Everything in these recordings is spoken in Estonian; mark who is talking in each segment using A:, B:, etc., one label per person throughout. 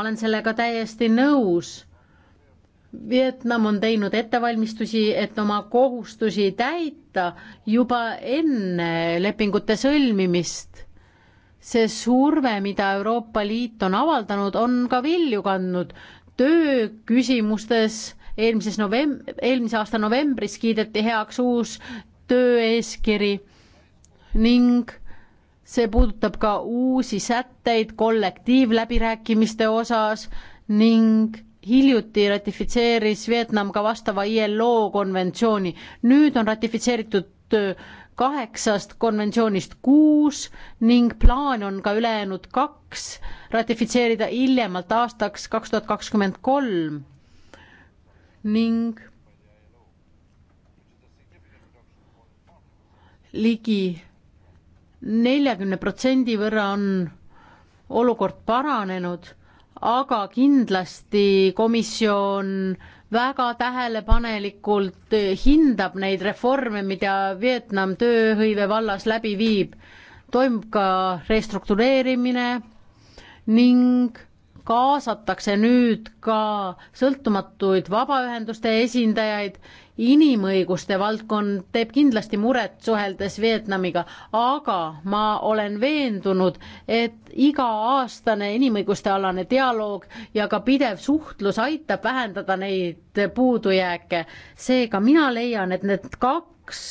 A: olen sellega täiesti nõus. Vietnam on teinud ettevalmistusi, et oma kohustusi täita juba enne lepingute sõlmimist. see surve, mida Euroopa Liit on avaldanud, on ka vilju kandnud. tööküsimustes eelmises novemb-, eelmise aasta novembris kiideti heaks uus tööeeskiri ning see puudutab ka uusi sätteid kollektiivläbirääkimiste osas ning hiljuti ratifitseeris Vietnam ka vastava ILO konventsiooni. nüüd on ratifitseeritud kaheksast konventsioonist kuus ning plaan on ka ülejäänud kaks ratifitseerida hiljemalt aastaks kaks tuhat kakskümmend kolm ning ligi neljakümne protsendi võrra on olukord paranenud, aga kindlasti komisjon väga tähelepanelikult hindab neid reforme, mida Vietnam tööhõive vallas läbi viib. toimub ka restruktureerimine ning kaasatakse nüüd ka sõltumatuid vabaühenduste esindajaid inimõiguste valdkond teeb kindlasti muret suheldes Vietnamiga, aga ma olen veendunud, et iga-aastane inimõiguste alane dialoog ja ka pidev suhtlus aitab vähendada neid puudujääke. seega mina leian, et need kaks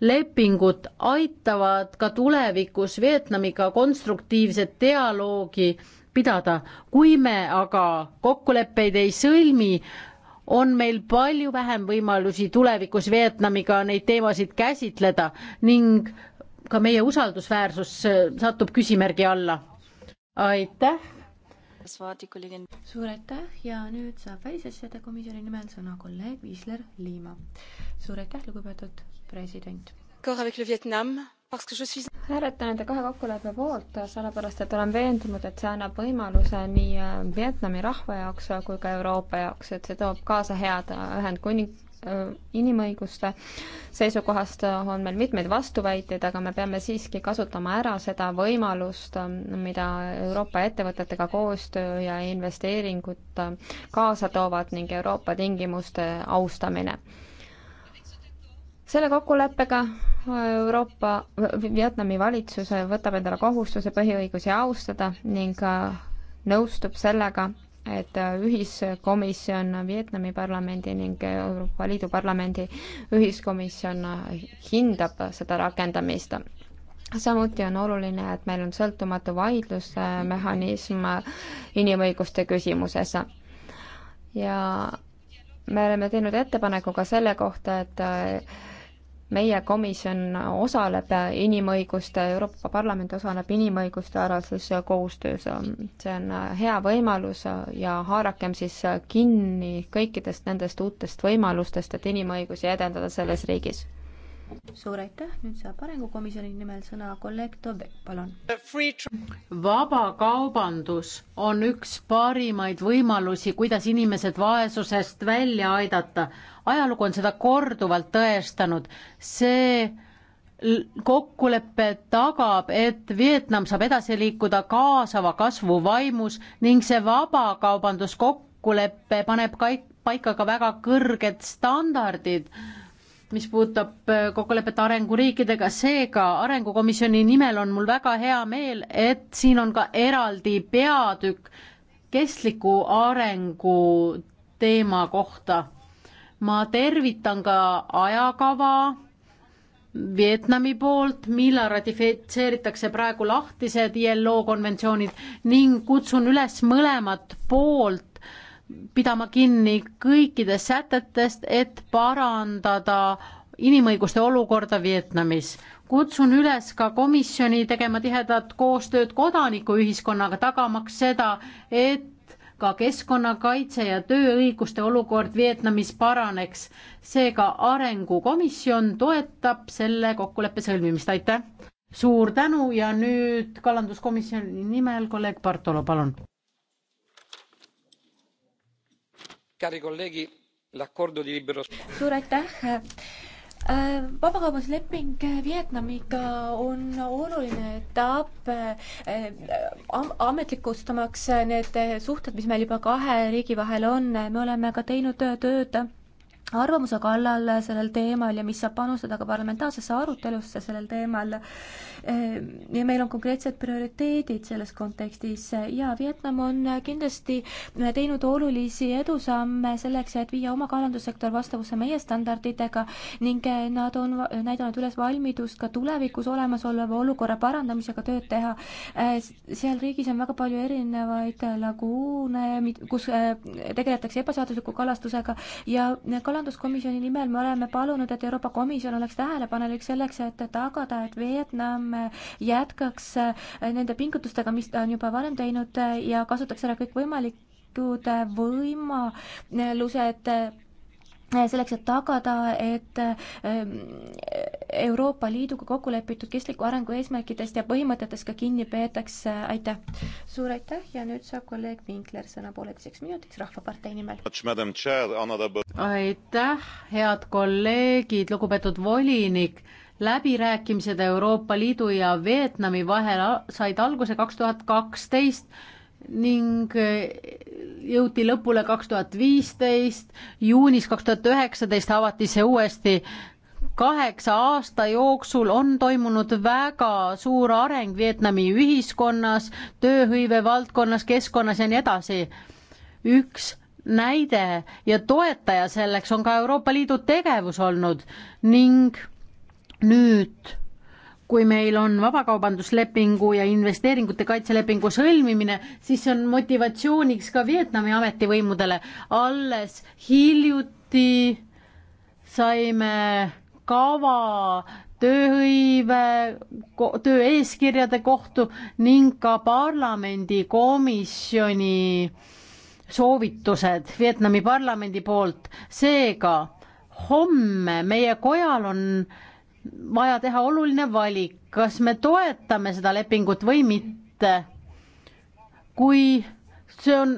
A: lepingut aitavad ka tulevikus Vietnamiga konstruktiivset dialoogi pidada. kui me aga kokkuleppeid ei sõlmi, on meil palju vähem võimalusi tulevikus Vietnamiga neid teemasid käsitleda ning ka meie usaldusväärsus äh, satub küsimärgi alla. aitäh.
B: suur aitäh ja nüüd saab välisasjade komisjoni nimel sõna kolleeg Viisler Liima.
C: suur aitäh, lugupeetud
B: president
C: hääletan nende kahe kokkuleppe poolt, sellepärast et olen veendunud, et see annab võimaluse nii äh, Vietnami rahva jaoks kui ka Euroopa jaoks, et see toob kaasa head äh, Ühendkuning-, äh, inimõiguste seisukohast on meil mitmeid vastuväiteid, aga me peame siiski kasutama ära seda võimalust, mida Euroopa ettevõtetega koostöö ja investeeringud kaasa toovad ning Euroopa tingimuste austamine selle kokkuleppega Euroopa, Vietnami valitsus võtab endale kohustuse põhiõigusi austada ning äh, nõustub sellega, et äh, ühiskomisjon Vietnami parlamendi ning Euroopa Liidu parlamendi ühiskomisjon äh, hindab seda rakendamist. samuti on oluline, et meil on sõltumatu vaidlusmehhanism inimõiguste küsimuses. ja me oleme teinud ettepaneku ka selle kohta, et meie komisjon osaleb inimõiguste, Euroopa Parlament osaleb inimõiguste alases koostöös. see on hea võimalus ja haarakem siis kinni kõikidest nendest uutest võimalustest, et inimõigusi edendada selles riigis
B: suur aitäh, nüüd saab Arengukomisjoni nimel sõna kolleeg Tobek, palun.
A: vabakaubandus on üks parimaid võimalusi, kuidas inimesed vaesusest välja aidata. ajalugu on seda korduvalt tõestanud. see kokkulepe tagab, et Vietnam saab edasi liikuda kaasava kasvu vaimus ning see vabakaubanduskokkulepe paneb ka paika ka väga kõrged standardid mis puudutab äh, kokkulepet arenguriikidega, seega Arengukomisjoni nimel on mul väga hea meel, et siin on ka eraldi peatükk kestliku arengu teema kohta. ma tervitan ka ajakava Vietnami poolt, millal ratifitseeritakse praegu lahtised ILO konventsioonid ning kutsun üles mõlemat poolt pidama kinni kõikidest sätetest, et parandada inimõiguste olukorda Vietnamis. kutsun üles ka komisjoni tegema tihedat koostööd kodanikuühiskonnaga, tagamaks seda, et ka keskkonnakaitse ja tööõiguste olukord Vietnamis paraneks. seega Arengukomisjon toetab selle kokkuleppe sõlmimist, aitäh! suur tänu ja nüüd kalanduskomisjoni nimel kolleeg Bartolo, palun! suur aitäh
B: äh, vabakaubandusleping Vietnamiga on oluline etapp äh, am ametlikustamaks need suhted, mis meil juba kahe riigi vahel on, me oleme ka teinud tööd arvamuse kallal sellel teemal ja mis saab panustada ka parlamentaarsesse arutelusse sellel teemal Ehm, ja meil on konkreetsed prioriteedid selles kontekstis ja Vietnam on kindlasti teinud olulisi edusamme selleks, et viia oma kalandussektor vastavusse meie standarditega ning nad on näidanud üles valmidust ka tulevikus olemasoleva olukorra parandamisega tööd teha. Ehm, seal riigis on väga palju erinevaid laguune, kus ehm, tegeletakse ebaseadusliku kalastusega ja kalanduskomisjoni nimel me oleme palunud, et Euroopa Komisjon oleks tähelepanelik selleks, et tagada, et Vietnam me jätkaks äh, nende pingutustega, mis ta on juba varem teinud äh, ja kasutaks ära kõikvõimalikud äh, võimalused selleks, et tagada, et Euroopa Liiduga kokku lepitud kestliku arengu eesmärkidest ja põhimõtetest ka kinni peetakse, aitäh! suur aitäh ja nüüd saab kolleeg Vinkler sõna
D: pooleteiseks
A: minutiks Rahvapartei nimel. aitäh, head kolleegid, lugupeetud volinik! läbirääkimised Euroopa Liidu ja Vietnami vahel said alguse kaks tuhat kaksteist ning eh, jõuti lõpule kaks tuhat viisteist, juunis kaks tuhat üheksateist avati see uuesti. kaheksa aasta jooksul on toimunud väga suur areng Vietnami ühiskonnas, tööhõive valdkonnas, keskkonnas ja nii edasi. üks näide ja toetaja selleks on ka Euroopa Liidu tegevus olnud ning nüüd kui meil on vabakaubanduslepingu ja investeeringute kaitselepingu sõlmimine, siis see on motivatsiooniks ka Vietnami ametivõimudele. alles hiljuti saime kava tööhõive, tööeeskirjade kohtu ning ka parlamendikomisjoni soovitused Vietnami parlamendi poolt. seega homme meie kojal on äh, vaja teha oluline valik, kas me toetame seda lepingut või mitte. kui see on,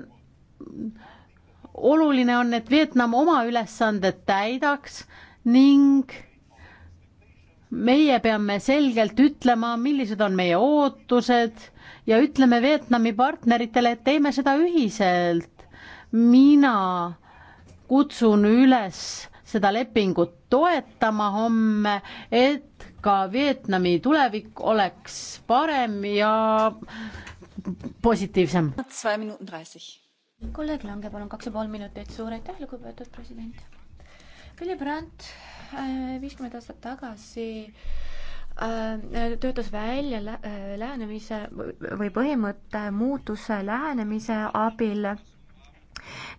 A: oluline on, et Vietnam oma ülesanded täidaks ning meie peame selgelt ütlema, millised on meie ootused ja ütleme Vietnami partneritele, et teeme seda ühiselt. mina kutsun üles seda lepingut toetama homme, et ka Vietnami tulevik oleks parem ja positiivsem.
B: kolleeg Lange, palun kaks ja pool minutit, suur aitäh, lugupeetud president. Willy Brandt äh, viiskümmend aastat tagasi äh, töötas välja äh, lähenemise või põhimõtte muutuse lähenemise abil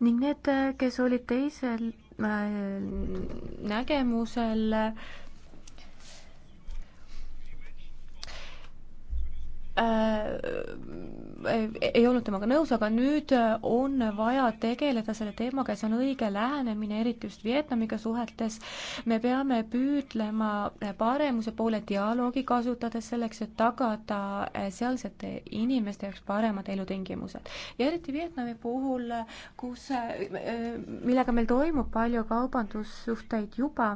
B: ning need, kes olid teisel Äh, nägemusel Äh, ei olnud temaga nõus, aga nüüd äh, on vaja tegeleda selle teemaga ja see on õige lähenemine, eriti just Vietnamiga suhetes. me peame püüdlema äh, paremuse poole dialoogi kasutades selleks, et tagada sealsete inimeste jaoks paremad elutingimused. ja eriti Vietnami puhul, kus, millega meil toimub palju kaubandussuhteid juba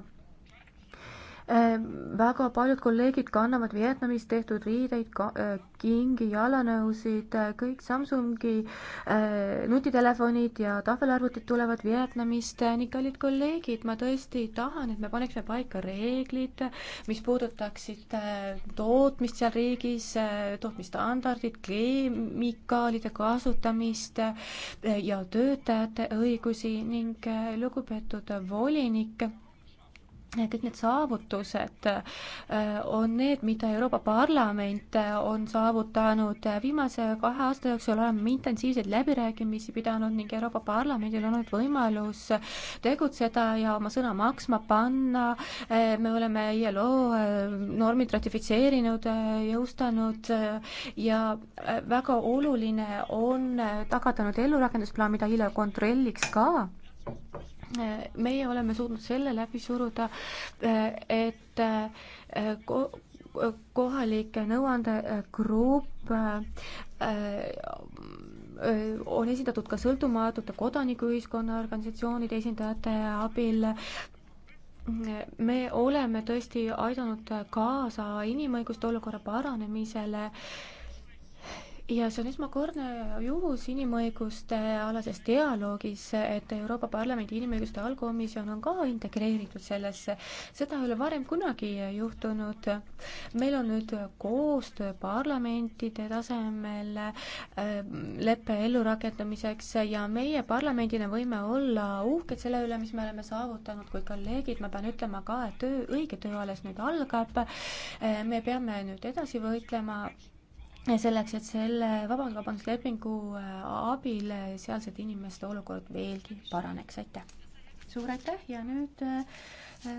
B: Ehm, väga paljud kolleegid kannavad Vietnamis tehtud riideid, äh, kingi, jalanõusid, äh, kõik Samsungi äh, nutitelefonid ja tahvelarvutid tulevad Vietnamist ning kallid kolleegid, ma tõesti tahan, et me paneksime paika reeglid, mis puudutaksid tootmist seal riigis, tootmisstandardid, keemikaalide kasutamist ja töötajate õigusi ning lugupeetud volinik kõik need saavutused äh, on need, mida Euroopa Parlament äh, on saavutanud viimase kahe aasta jooksul, oleme intensiivseid läbirääkimisi pidanud ning Euroopa Parlamendil on olnud võimalus tegutseda ja oma sõna maksma panna, äh, me oleme ILO normid ratifitseerinud, jõustanud ja väga oluline on tagada nüüd ellurakendus, mida ILO kontrolliks ka Äh, meie oleme suutnud selle läbi suruda, äh, et äh, ko-, kohalik nõuandegrupp on esindatud ka sõltumatute kodanikuühiskonna organisatsioonide esindajate abil, me oleme tõesti aidanud kaasa inimõiguste olukorra paranemisele äh, ja see on esmakordne juhus inimõiguste alases dialoogis, et Euroopa Parlamendi inimõiguste allkomisjon on ka integreeritud sellesse. seda ei ole varem kunagi juhtunud. meil on nüüd koostöö parlamentide tasemel äh, leppe ellurakendamiseks ja meie parlamendina võime olla uhked selle üle, mis me oleme saavutanud, kuid kolleegid, ma pean ütlema ka, et töö, õige töö alles nüüd algab. Äh, me peame nüüd edasi võitlema selleks, et selle vabakaubanduslepingu äh, abil äh, sealsete inimeste olukord veelgi paraneks, aitäh! suur aitäh ja nüüd äh,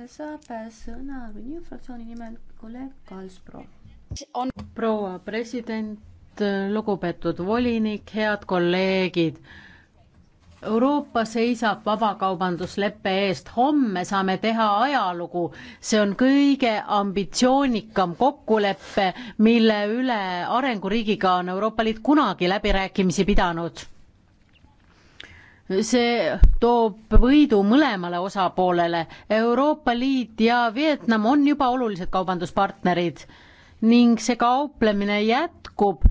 B: saab sõna Renew fraktsiooni nimel kolleeg Kalspro.
A: proua president, lugupeetud volinik, head kolleegid Euroopa seisab vabakaubandusleppe eest, homme saame teha ajalugu, see on kõige ambitsioonikam kokkulepe, mille üle arenguriigiga on Euroopa Liit kunagi läbirääkimisi pidanud. see toob võidu mõlemale osapoolele, Euroopa Liit ja Vietnam on juba olulised kaubanduspartnerid ning see kauplemine jätkub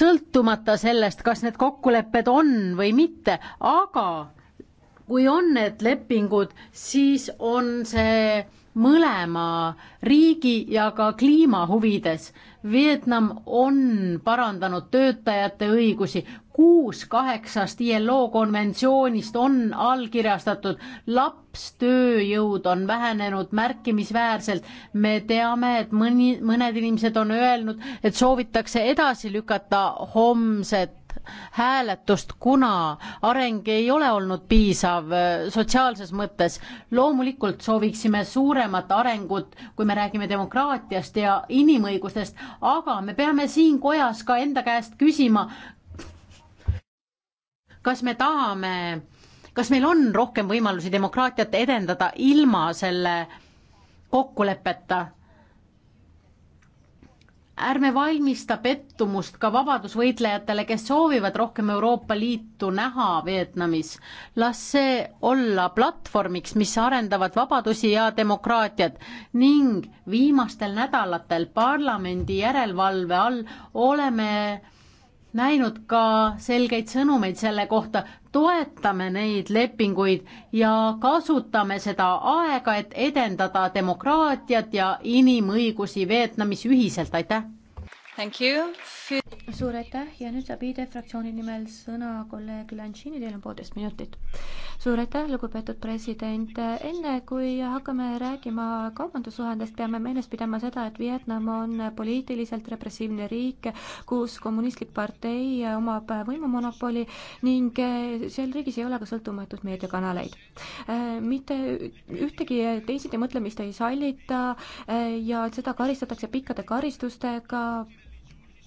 A: sõltumata sellest, kas need kokkulepped on või mitte, aga kui on need lepingud, siis on see mõlema riigi ja ka kliima huvides. Vietnam on parandanud töötajate õigusi, kuus kaheksast ILO konventsioonist on allkirjastatud, lapstööjõud on vähenenud märkimisväärselt. me teame, et mõni, mõned inimesed on öelnud, et soovitakse edasi lükata homset hääletust, kuna areng ei ole olnud piisav äh, sotsiaalses mõttes. loomulikult sooviksime suuremat arengut, kui me räägime demokraatiast ja inimõigustest, aga me peame siin kojas ka enda käest küsima, kas me tahame, kas meil on rohkem võimalusi demokraatiat edendada ilma selle kokkuleppeta ärme valmista pettumust ka vabadusvõitlejatele, kes soovivad rohkem Euroopa Liitu näha Vietnamis. las see olla platvormiks, mis arendavad vabadusi ja demokraatiat ning viimastel nädalatel parlamendi järelevalve all oleme näinud ka selgeid sõnumeid selle kohta, toetame neid lepinguid ja kasutame seda aega, et edendada demokraatiat ja inimõigusi Vietnamis ühiselt, aitäh!
B: suur aitäh ja nüüd saab ID fraktsiooni nimel sõna kolleeg Lanchini, teil on poolteist minutit. suur aitäh, lugupeetud president, enne kui hakkame rääkima kaubandussuhendest, peame meeles pidama seda, et Vietnam on poliitiliselt repressiivne riik, kus kommunistlik partei omab võimumonopoli ning seal riigis ei ole ka sõltumatuid meediakanaleid. mitte ühtegi teisiti mõtlemist ei sallita ja seda karistatakse pikkade karistustega,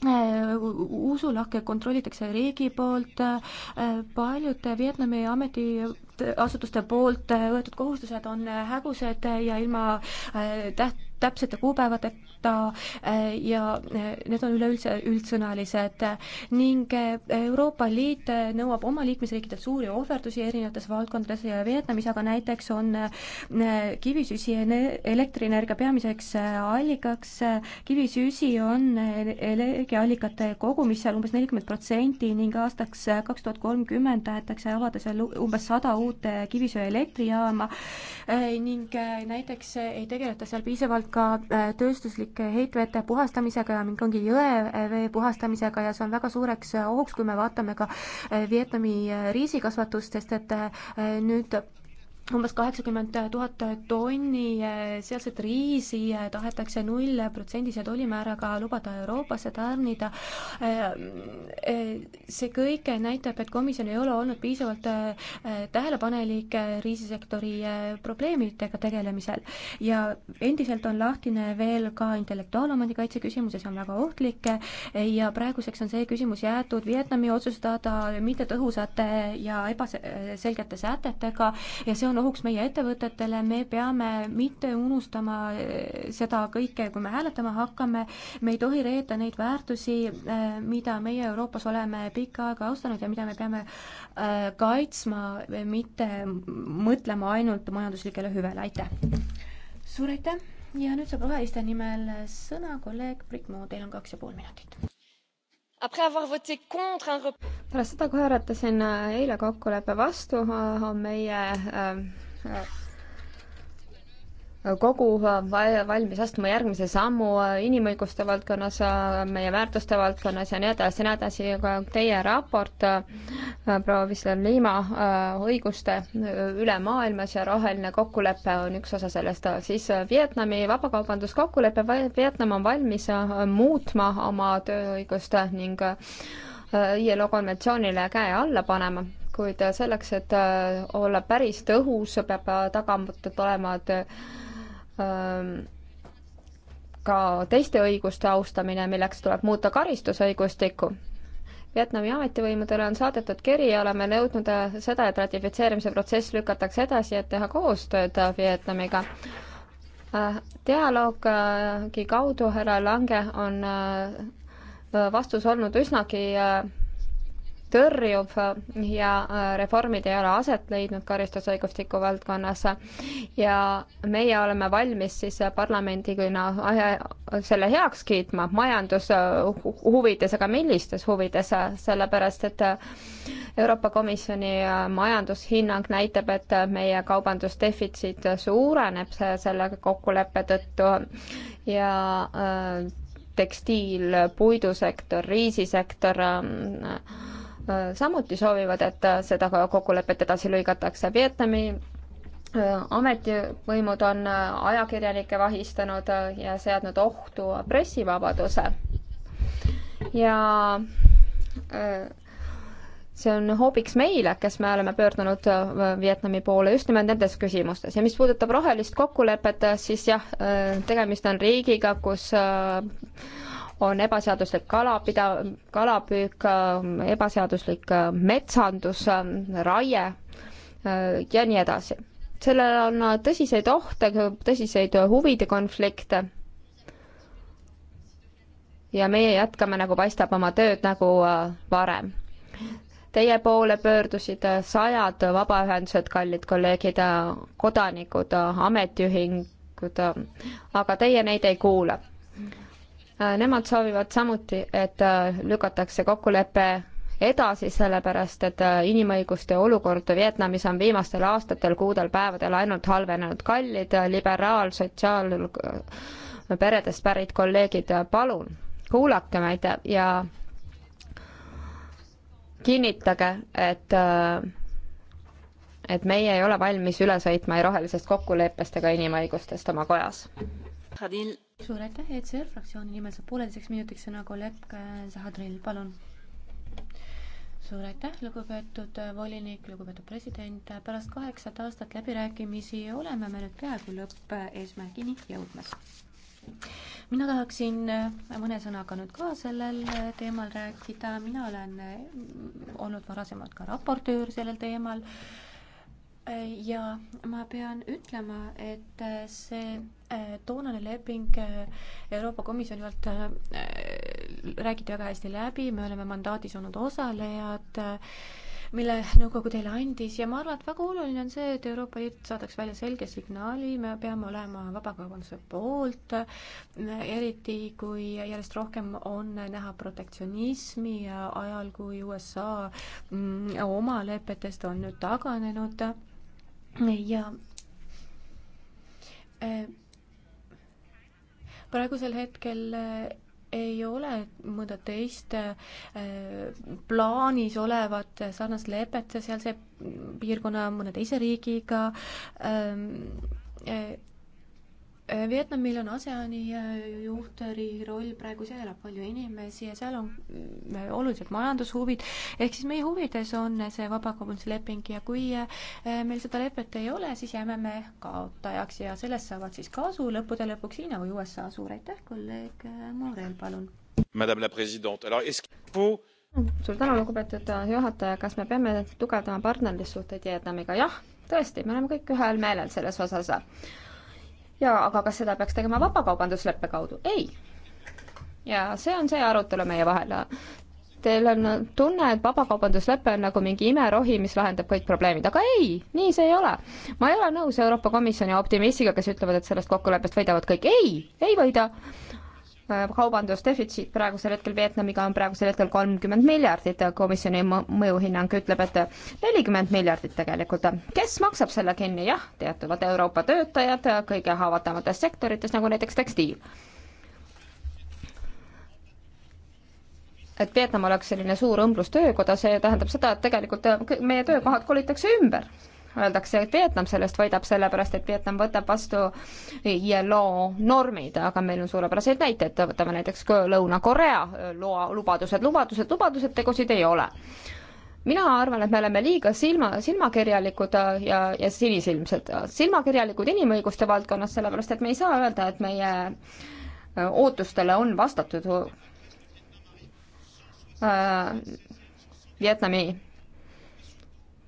B: Äh, usulahke kontrollitakse riigi poolt, äh, paljud Vietnami ametiasutuste poolt äh, võetud kohustused on hägusad ja ilma täht-, täpsete kuupäevadeta äh, ja äh, need on üleüldse üldsõnalised ning äh, Euroopa Liit nõuab oma liikmesriikidelt suuri ohverdusi erinevates valdkondades ja Vietnamis aga näiteks on kivisüsi elektrienergia peamiseks allikaks. kivisüsi on energiaallikate kogumis seal umbes nelikümmend protsenti ning aastaks kaks tuhat kolmkümmend tahetakse avada seal umbes sada uut kivisöeelektrijaama ning näiteks ei tegeleta seal piisavalt tegelevad ka äh, tööstuslike heitvete puhastamisega ja Mekkongi jõe äh, vee puhastamisega ja see on väga suureks äh, ohuks, kui me vaatame ka Vietnami riisikasvatust, sest et nüüd umbes kaheksakümmend tuhat tonni eh, sealset riisi eh, tahetakse nullprotsendise tollimääraga lubada Euroopasse tarnida. Eh, see kõik näitab, et komisjon ei ole olnud piisavalt tähelepanelik riisisektori probleemidega tegelemisel ja endiselt on lahtine veel ka intellektuaalomandi kaitse küsimus ja see on väga ohtlik ja praeguseks on see küsimus jäetud Vietnami otsustada mittetõhusate ja ebaselgete sätetega ja see on on ohuks meie ettevõtetele, me peame mitte unustama eh, seda kõike, kui me hääletama hakkame, me ei tohi reeta neid väärtusi, eh, mida meie Euroopas oleme pikka aega austanud ja mida me peame eh, kaitsma, mitte mõtlema ainult majanduslikele hüvele, aitäh! suur aitäh ja nüüd saab roheliste nimel sõna kolleeg Britt Moo, teil on kaks ja pool minutit
E: pärast
C: seda, kui hääletasin äh, eile kokkuleppe vastu, äh, on meie äh, kogu äh, valmis astuma järgmise sammu äh, inimõiguste valdkonnas, äh, meie väärtuste valdkonnas ja nii edasi ja nii edasi, aga teie raport proua Visler-Liima õiguste üle maailmas ja roheline kokkulepe on üks osa sellest, siis Vietnami vabakaubanduskokkulepe, Vietnam on valmis muutma oma tööõigust ning ILO konventsioonile käe alla panema kuid selleks, et olla päris tõhus, peab tagatud olema ka teiste õiguste austamine, milleks tuleb muuta karistusõigustikku. Vietnami ametivõimudele on saadetud kiri ja oleme nõudnud äh, seda, et ratifitseerimise protsess lükatakse edasi, et teha koostööd äh, Vietnamiga. Äh, dialoogi kaudu härra Lange on vastus olnud üsnagi tõrjuv ja äh, reformid ei ole aset leidnud karistusõigustiku valdkonnas ja meie oleme valmis siis parlamendina äh, selle heaks kiitma majandushuvides, äh, aga millistes huvides, sellepärast et Euroopa Komisjoni majandushinnang näitab, et meie kaubandusdefitsiit suureneb selle kokkuleppe tõttu ja tekstiil, puidusektor, riisisektor äh,, samuti soovivad, et äh, seda kokkulepet edasi lõigatakse. Vietnami äh, ametivõimud on äh, ajakirjanikke vahistanud ja seadnud ohtu pressivabaduse. ja see on hoobiks meile, kes me oleme pöördunud Vietnami poole just nimelt nendes küsimustes ja mis puudutab rohelist kokkulepet, siis jah, tegemist on riigiga, kus on ebaseaduslik kalapida-, kalapüük, ebaseaduslik metsandus, raie ja nii edasi. sellel on tõsiseid ohte, tõsiseid huvide konflikte ja meie jätkame, nagu paistab, oma tööd nagu äh, varem. Teie poole pöördusid äh, sajad vabaühendused, kallid kolleegid, äh, kodanikud, ametiühingud, aga teie neid ei kuula. Äh, nemad soovivad samuti, et äh, lükatakse kokkulepe edasi, sellepärast et äh, inimõiguste olukord Vietnamis on viimastel aastatel, kuudel, päevadel ainult halvenenud. kallid liberaal, sotsiaal, peredest pärit kolleegid, palun kuulake meid ja kinnitage, et et meie ei ole valmis üle sõitma ei rohelisest kokkuleppest ega inimõigustest oma kojas.
B: Khadil suur aitäh, ECR fraktsiooni nimel saab pooleteiseks minutiks sõna kolleeg äh, Zahadril, palun. suur aitäh, lugupeetud äh, volinik, lugupeetud president, pärast kaheksat aastat läbirääkimisi oleme me nüüd peaaegu lõppeesmärgini jõudmas mina tahaksin äh, mõne sõnaga nüüd ka sellel teemal rääkida, mina olen olnud varasemalt ka raportöör sellel teemal ja ma pean ütlema, et äh, see äh, toonane leping äh, Euroopa Komisjoni poolt räägiti väga hästi läbi, me oleme mandaadis olnud osalejad, mille nõukogu teile andis ja ma arvan, et väga oluline on see, et Euroopa Liit saadaks välja selge signaali, me peame olema vabakaubanduse poolt, eriti kui järjest rohkem on näha protektsionismi ajal, kui USA mm, oma lepetest on nüüd taganenud ja äh, praegusel hetkel äh, ei ole mõnda teist äh, plaanis olevat sarnast lepet sealse piirkonna mõne teise riigiga ähm, Äh, Vietnamil on ASEAN-i äh, juhtriigi roll, praegu seal elab palju inimesi ja seal on mm, äh, olulised majandushuvid, ehk siis meie huvides on see vabakaubandusleping ja kui meil seda lepet ei ole, siis jääme me kaotajaks ja sellest saavad siis
C: kasu lõppude lõpuks Hiina või USA. suur aitäh, kolleeg Morel, palun.
D: Madame la présidente, alors est-ce qu'il
C: faut suur tänu, lugupeetud juhataja, kas me peame tugevdama partnerlussuhteid Vietnamiga? jah, tõesti, me oleme kõik ühel meelel selles osas ja aga kas seda peaks tegema vabakaubandusleppe kaudu? ei. ja see on see arutelu meie vahel. Teil on tunne, et vabakaubanduslepe on nagu mingi imerohi, mis lahendab kõik probleemid, aga ei, nii see ei ole. ma ei ole nõus Euroopa Komisjoni optimistiga, kes ütlevad, et sellest kokkuleppest võidavad kõik. ei, ei võida. Äh, kaubandusdefitsiit praegusel hetkel Vietnamiga on praegusel hetkel kolmkümmend miljardit, komisjoni mõjuhinnang ütleb, et nelikümmend miljardit tegelikult. kes maksab selle kinni, jah, teatavad Euroopa töötajad kõige haavatavamates sektorites, nagu näiteks tekstiil. et Vietnam oleks selline suur õmblustöökoda, see tähendab seda, et tegelikult äh, meie töökohad kolitakse ümber öeldakse, et Vietnam sellest võidab, sellepärast et Vietnam võtab vastu ILO normid, aga meil on suurepäraseid näiteid, võtame näiteks Lõuna-Korea loa, lubadused, lubadused, lubadused, tegusid ei ole mina arvan, et me oleme liiga silma, silmakirjalikud ja, ja sinisilmsed, silmakirjalikud inimõiguste valdkonnas, sellepärast et me ei saa öelda, et meie ootustele on vastatud äh, Vietnami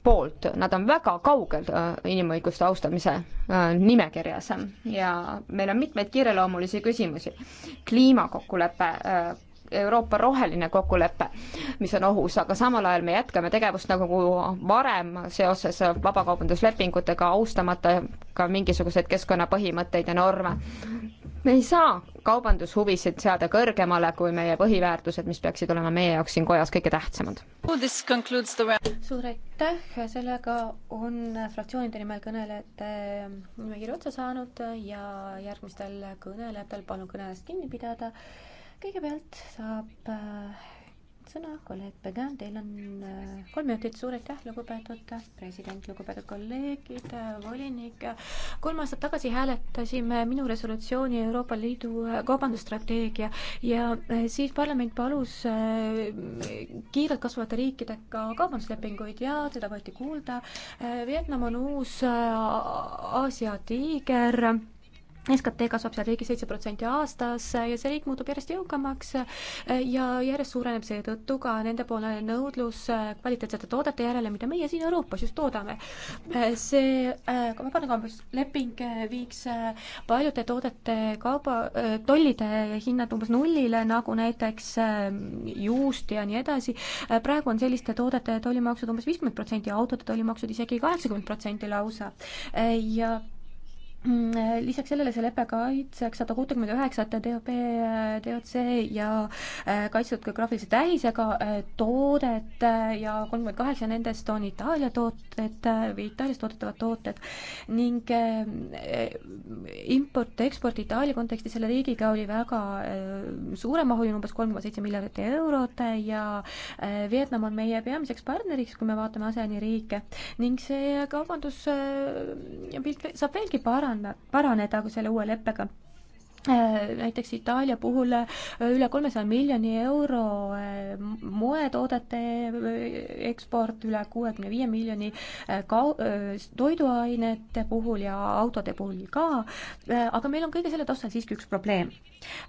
C: poolt, nad on väga kaugel äh, inimõiguste austamise äh, nimekirjas ja meil on mitmeid kiireloomulisi küsimusi. kliimakokkulepe, äh, Euroopa roheline kokkulepe, mis on ohus, aga samal ajal me jätkame tegevust nagu varem seoses vabakaubanduslepingutega, austamata ka mingisuguseid keskkonnapõhimõtteid ja norme me ei saa kaubandushuvisid seada kõrgemale kui meie põhiväärtused, mis peaksid olema meie jaoks siin kojas kõige tähtsamad.
B: suur aitäh, sellega on fraktsioonide nimel kõnelejate nimekiri otsa saanud ja järgmistel kõnelejatel palun kõne eest kinni pidada. kõigepealt saab äh, kõigepealt sõna kolleeg Began, teil on äh, kolm minutit, suur aitäh, lugupeetud president, lugupeetud kolleegid, äh, volinik. kolm aastat tagasi hääletasime minu resolutsiooni Euroopa Liidu äh, kaubandusstrateegia ja siis parlament palus kiirelt kasvavate riikidega kaubanduslepinguid ja seda võeti kuulda. Vietnam on uus Aasia tiiger SKT kasvab seal riigis seitse protsenti aastas ja see riik muutub järjest jõukamaks äh, ja järjest suureneb seetõttu ka nendepoolne nõudlus äh, kvaliteetsete toodete järele, mida meie siin Euroopas just toodame. Äh, see vabakaubandusleping viiks paljude toodete kauba, tollide hinnad umbes nullile, nagu näiteks juust ja nii edasi. praegu on selliste toodete tollimaksud umbes viiskümmend protsenti, autode tollimaksud isegi kaheksakümmend protsenti lausa ja Mm, eh, lisaks sellele see lepe kaitseks sada kuutekümmet üheksat DOP, eh, DOC ja eh, kaitstud geograafilise tähisega toodet ja kolmkümmend kaheksa nendest on Itaalia tooted või Itaalias toodetavad tooted ning import-eksport Itaalia kontekstis selle riigiga oli väga suuremahuline, umbes kolm koma seitse miljardit eurot ja Vietnam on meie peamiseks partneriks, kui me vaatame ASEAN-i riike ning see kaubanduspilt saab veelgi paraneda, paranda, paraneda selle uue leppega äh, näiteks Itaalia puhul äh, üle kolmesaja miljoni euro äh, moetoodete eksport, üle kuuekümne viie miljoni kau-, toiduainete puhul ja autode puhul ka, aga meil on kõige selle taustal siiski üks probleem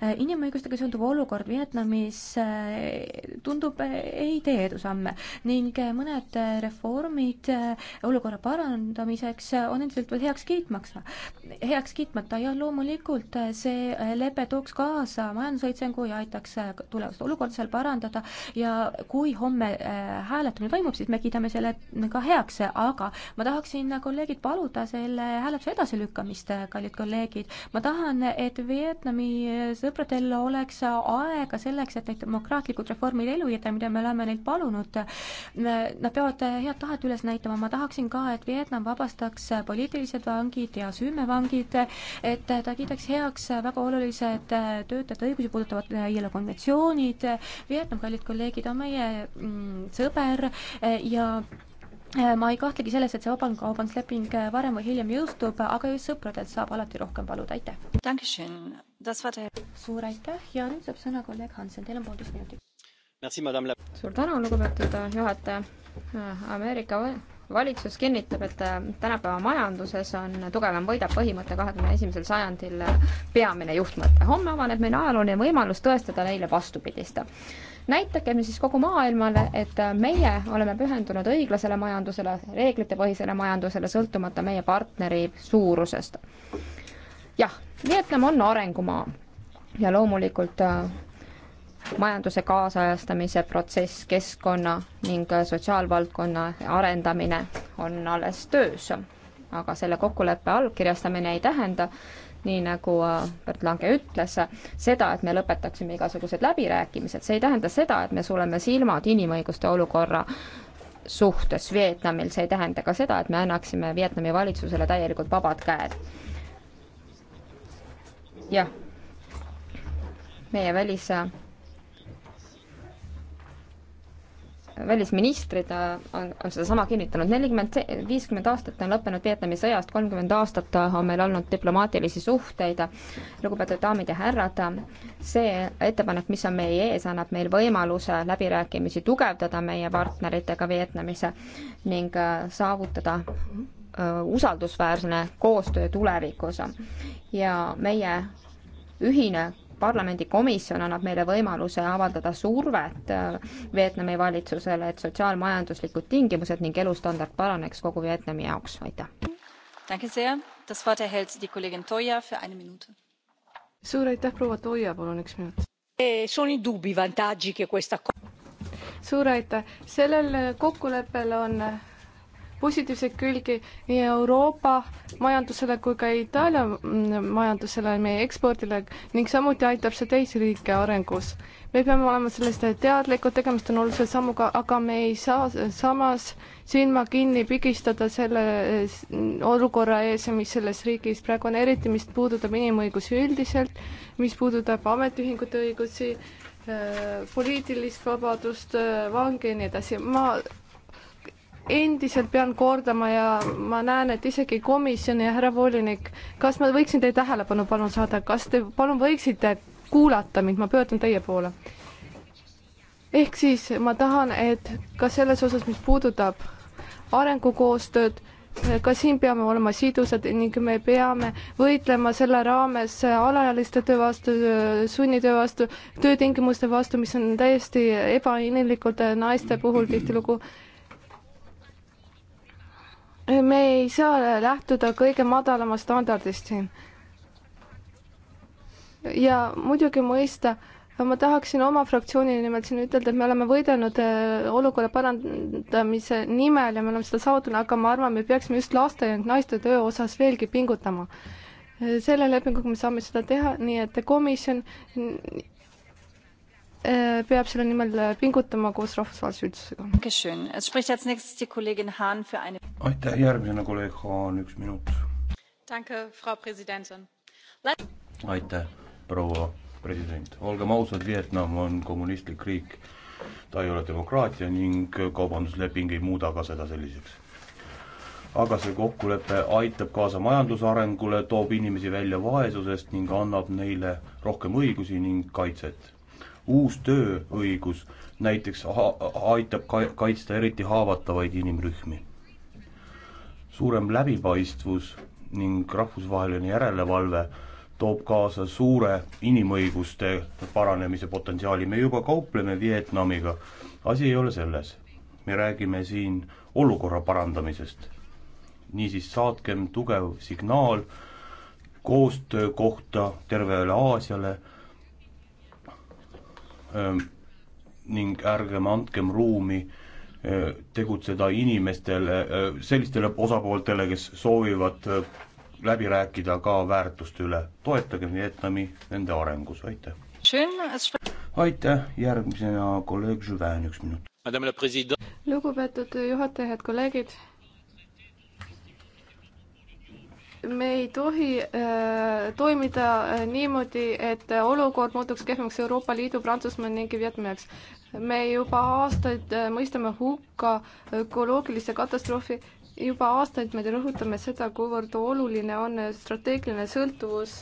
B: Äh, inimõigustega seonduv olukord Vietnamis äh, tundub, äh, ei tee edusamme ning mõned reformid olukorra parandamiseks on endiselt veel heaks kiitmaks, heaks kiitmata. jah, loomulikult see lepe tooks kaasa majandusõitsengu ja aitaks tulevast olukorda seal parandada ja kui homme hääletamine toimub, siis me kiidame selle ka heaks, aga ma tahaksin, kolleegid, paluda selle hääletuse edasilükkamist, kallid kolleegid. ma tahan, et Vietnami meie sõpradel oleks aega selleks, et need demokraatlikud reformid ellu viia, mida me oleme neilt palunud. Nad peavad head tahet üles näitama, ma tahaksin ka, et Vietnam vabastaks poliitilised vangid ja süümevangid, et ta kiidaks heaks väga olulised töötajate õigusi puudutavad ILO konventsioonid, Vietnam, kallid kolleegid, on meie mm, sõber ja ma ei kahtlegi selles, et see vabakaubandusleping varem või hiljem jõustub, aga just sõpradelt saab alati rohkem paluda,
C: aitäh! suur aitäh ja nüüd saab sõna kolleeg Hansen, teil on poolteist minutit. suur tänu, lugupeetud äh, juhataja. Äh, Ameerika valitsus kinnitab, et äh, tänapäeva majanduses on tugevam võidab põhimõte kahekümne esimesel sajandil peamine juhtmõte. homme avaneb meil ajalooline võimalus tõestada neile vastupidist. näitakem siis kogu maailmale, et meie oleme pühendunud õiglasele majandusele, reeglitepõhisele majandusele, sõltumata meie partneri suurusest. jah Vietnam on arengumaa ja loomulikult äh, majanduse kaasajastamise protsess, keskkonna ning äh, sotsiaalvaldkonna arendamine on alles töös. aga selle kokkuleppe allkirjastamine ei tähenda, nii nagu äh, Bert Lange ütles, seda, et me lõpetaksime igasugused läbirääkimised, see ei tähenda seda, et me suleme silmad inimõiguste olukorra suhtes Vietnamil, see ei tähenda ka seda, et me annaksime Vietnami valitsusele täielikult vabad käed jah, meie välis, välisministrid on, on sedasama kinnitanud, nelikümmend, viiskümmend aastat on lõppenud Vietnami sõjast, kolmkümmend aastat on meil olnud diplomaatilisi suhteid, lugupeetud daamid ja härrad, see ettepanek, mis on meie ees, annab meil võimaluse läbirääkimisi tugevdada meie partneritega Vietnamis ning saavutada Äh, usaldusväärne koostöö tulevikus. ja meie ühine parlamendikomisjon annab meile võimaluse avaldada survet äh, Vietnami valitsusele, et sotsiaalmajanduslikud tingimused ning elustandard paraneks kogu Vietnami jaoks, aitäh. suur aitäh, proua Toia, palun üks minut. E,
E: suur aitäh, sellel kokkuleppel on positiivseid külgi nii Euroopa majandusele kui ka Itaalia majandusele, meie ekspordile ning samuti aitab see teisi riike arengus. me peame olema sellest teadlikud, tegemist on olulise sammuga, aga me ei saa samas silma kinni pigistada selle olukorra ees, mis selles riigis praegu on, eriti mis puudutab inimõigusi üldiselt, mis puudutab ametiühingute õigusi, poliitilist vabadust, vange ja nii edasi. ma endiselt pean kordama ja ma näen, et isegi komisjon ja härra volinik, kas ma võiksin teie tähelepanu palun saada, kas te palun võiksite kuulata mind, ma pöördun teie poole. ehk siis ma tahan, et ka selles osas, mis puudutab arengukoostööd, ka siin peame olema sidusad ning me peame võitlema selle raames alaealiste töö vastu, sunnitöö vastu, töötingimuste vastu, mis on täiesti ebainimlikud naiste puhul tihtilugu me ei saa lähtuda kõige madalamast standardist siin. ja muidugi mõista, ma tahaksin oma fraktsiooni nimel siin ütelda, et me oleme võidelnud äh, olukorra parandamise nimel ja me oleme seda saavutanud, aga ma arvan, me peaksime just laste ja naiste töö osas veelgi pingutama äh, selle lepinguga me saame seda teha, nii et komisjon Äh, peab selle nimel äh, pingutama koos rahvusvahelise
A: üldsusega.
F: aitäh, järgmisena kolleeg Haan, üks minut. aitäh, proua president. olgem ausad, Vietnam on kommunistlik riik. ta ei ole demokraatia ning kaubandusleping ei muuda ka seda selliseks. aga see kokkulepe aitab kaasa majanduse arengule, toob inimesi välja vaesusest ning annab neile rohkem õigusi ning kaitset uus tööõigus näiteks ha-, aitab ka-, kaitsta eriti haavatavaid inimrühmi. suurem läbipaistvus ning rahvusvaheline järelevalve toob kaasa suure inimõiguste paranemise potentsiaali, me juba kaupleme Vietnamiga, asi ei ole selles. me räägime siin olukorra parandamisest. niisiis saatkem tugev signaal koostöö kohta tervele Aasiale, ning ärgem andkem ruumi tegutseda inimestele, sellistele osapooltele, kes soovivad läbi rääkida ka väärtuste üle. toetagem Vietnami nende arengus, aitäh! aitäh, järgmisena kolleeg Juvin, üks minut.
E: lugupeetud juhataja, head kolleegid me ei tohi äh, toimida äh, niimoodi, et äh, olukord muutuks kehvemaks Euroopa Liidu, Prantsusmaa ning Vietnami jaoks. me juba aastaid äh, mõistame hukka ökoloogilise katastroofi, juba aastaid me rõhutame seda, kuivõrd oluline on strateegiline sõltuvus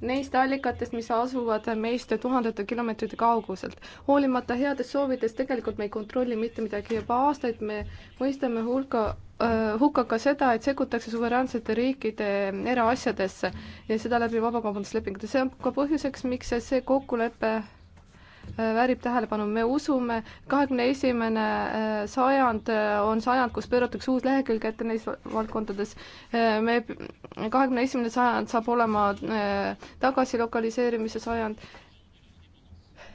E: neist allikatest, mis asuvad meist tuhandete kilomeetrite kauguselt. hoolimata headest soovidest, tegelikult me ei kontrolli mitte midagi, juba aastaid me mõistame hulka hukka ka seda, et sekkutakse suveräänsete riikide eraasjadesse ja seda läbi vabakaubanduslepingute. see on ka põhjuseks, miks see kokkulepe väärib tähelepanu, me usume, kahekümne esimene sajand on sajand, kus pööratakse uus lehekülg ette neis valdkondades. me, kahekümne esimene sajand saab olema tagasi lokaliseerimise sajand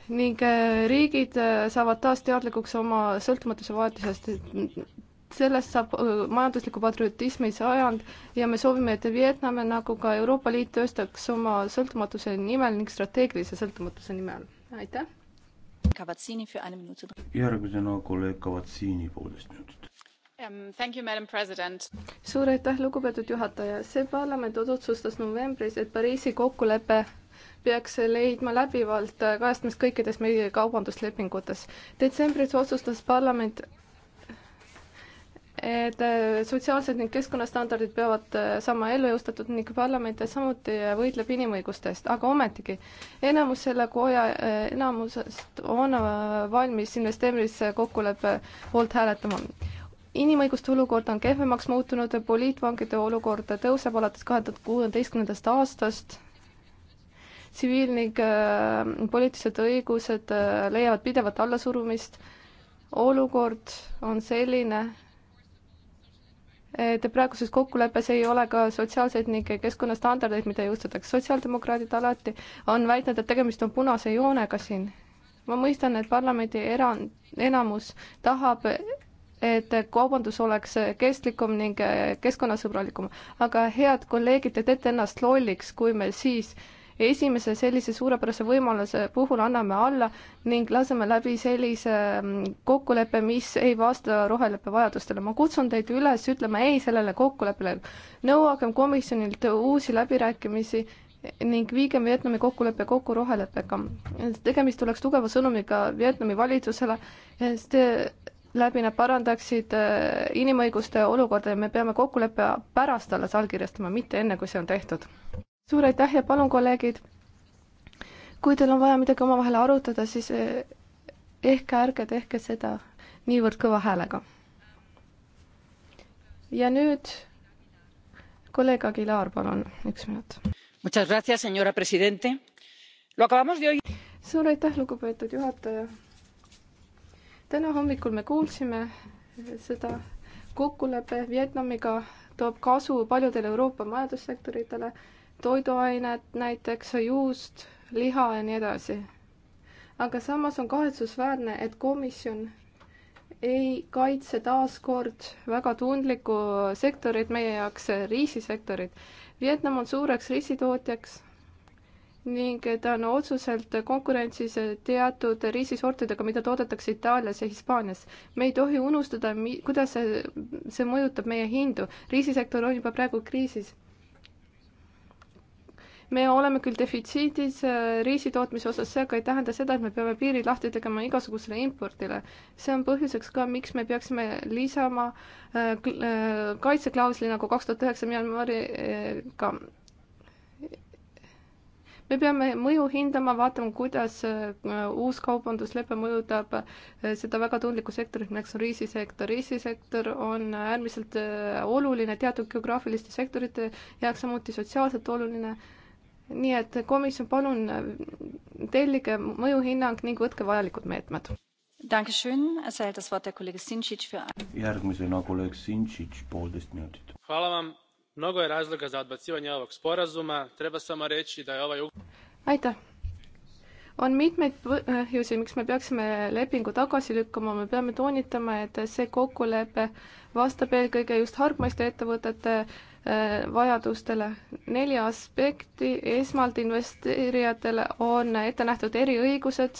E: ning riigid saavad taas teadlikuks oma sõltumatuse vajadusest sellest saab majandusliku patriotismi sajand ja me soovime, et Vietnam nagu ka Euroopa Liit tõestaks oma sõltumatuse nimel ning strateegilise sõltumatuse nimel. aitäh!
F: järgmisena kolleeg Kavatsiini poolteist minutit.
A: Um,
E: suur aitäh, lugupeetud juhataja, see parlament otsustas novembris, et Pariisi kokkulepe peaks leidma läbivalt kajastamist kõikides meie kaubanduslepingutes. detsembris otsustas parlament et äh, sotsiaalsed ning keskkonnastandardid peavad äh, saama ellujõustatud ning parlament samuti äh, võitleb inimõiguste eest, aga ometigi enamus selle koja, enamusest on valmis investeerimiskokkuleppe poolt hääletama. inimõiguste olukord on kehvemaks muutunud, poliitvangide olukord tõuseb alates kahe tuhat kuueteistkümnendast aastast, tsiviil- ning poliitilised õigused leiavad pidevat allasurumist, olukord on selline, et praeguses kokkuleppes ei ole ka sotsiaalseid ning keskkonnastandardeid, mida jõustatakse. sotsiaaldemokraadid alati on väitnud, et tegemist on punase joonega siin. ma mõistan, et parlamendi eran-, enamus tahab, et kaubandus oleks kestlikum ning keskkonnasõbralikum, aga head kolleegid, te teete ennast lolliks, kui me siis äh, esimese sellise suurepärase võimaluse puhul anname alla ning laseme läbi sellise mm, kokkuleppe, mis ei vasta roheleppe vajadustele. ma kutsun teid üles ütlema ei sellele kokkuleppele. nõuagem komisjonilt uusi läbirääkimisi ning viigem Vietnami kokkulepe kokku roheleppega. tegemist oleks tugeva sõnumiga Vietnami valitsusele, sest läbi nad parandaksid äh, inimõiguste olukorda ja me peame kokkuleppe pärast alles allkirjastama, mitte enne, kui see on tehtud suur aitäh ja palun, kolleegid, kui teil on vaja midagi omavahel arutada, siis eh, ehk ärge tehke seda niivõrd kõva häälega. ja nüüd kolleeg Aguilar, palun,
A: üks minut. suur
E: aitäh, lugupeetud juhataja. täna hommikul me kuulsime seda kokkulepe Vietnamiga toob kasu paljudele Euroopa majandussektoritele toiduained, näiteks juust, liha ja nii edasi. aga samas on kahetsusväärne, et komisjon ei kaitse taaskord väga tundlikku sektorit meie jaoks, riisisektorit. Vietnam on suureks riisitootjaks ning ta on otseselt konkurentsis teatud riisisortidega, mida toodetakse Itaalias ja Hispaanias. me ei tohi unustada, kuidas see, see mõjutab meie hindu. riisisektor on juba praegu kriisis me oleme küll defitsiidis äh, riisitootmise osas, see aga ei tähenda seda, et me peame piirid lahti tegema igasugusele impordile. see on põhjuseks ka, miks me peaksime lisama äh, äh, kaitseklausli nagu kaks tuhat üheksa Myanmariga. me peame mõju hindama, vaatama, kuidas uus kaubanduslepe mõjutab seda väga tundlikku sektorit, milleks on riisisektor. riisisektor on äärmiselt oluline teatud geograafiliste sektorite jaoks, samuti sotsiaalselt oluline nii et komisjon, palun tellige
F: mõjuhinnang ning võtke vajalikud meetmed. järgmisena kolleeg Sinčić, poolteist minutit. aitäh. on mitmeid
E: põhjusi, miks me peaksime lepingu tagasi lükkama, me peame toonitama, et see kokkulepe vastab eelkõige just hargmaiste ettevõtete äh, Äh, vajadustele. neli aspekti, esmalt investeerijatele on ette nähtud eriõigused,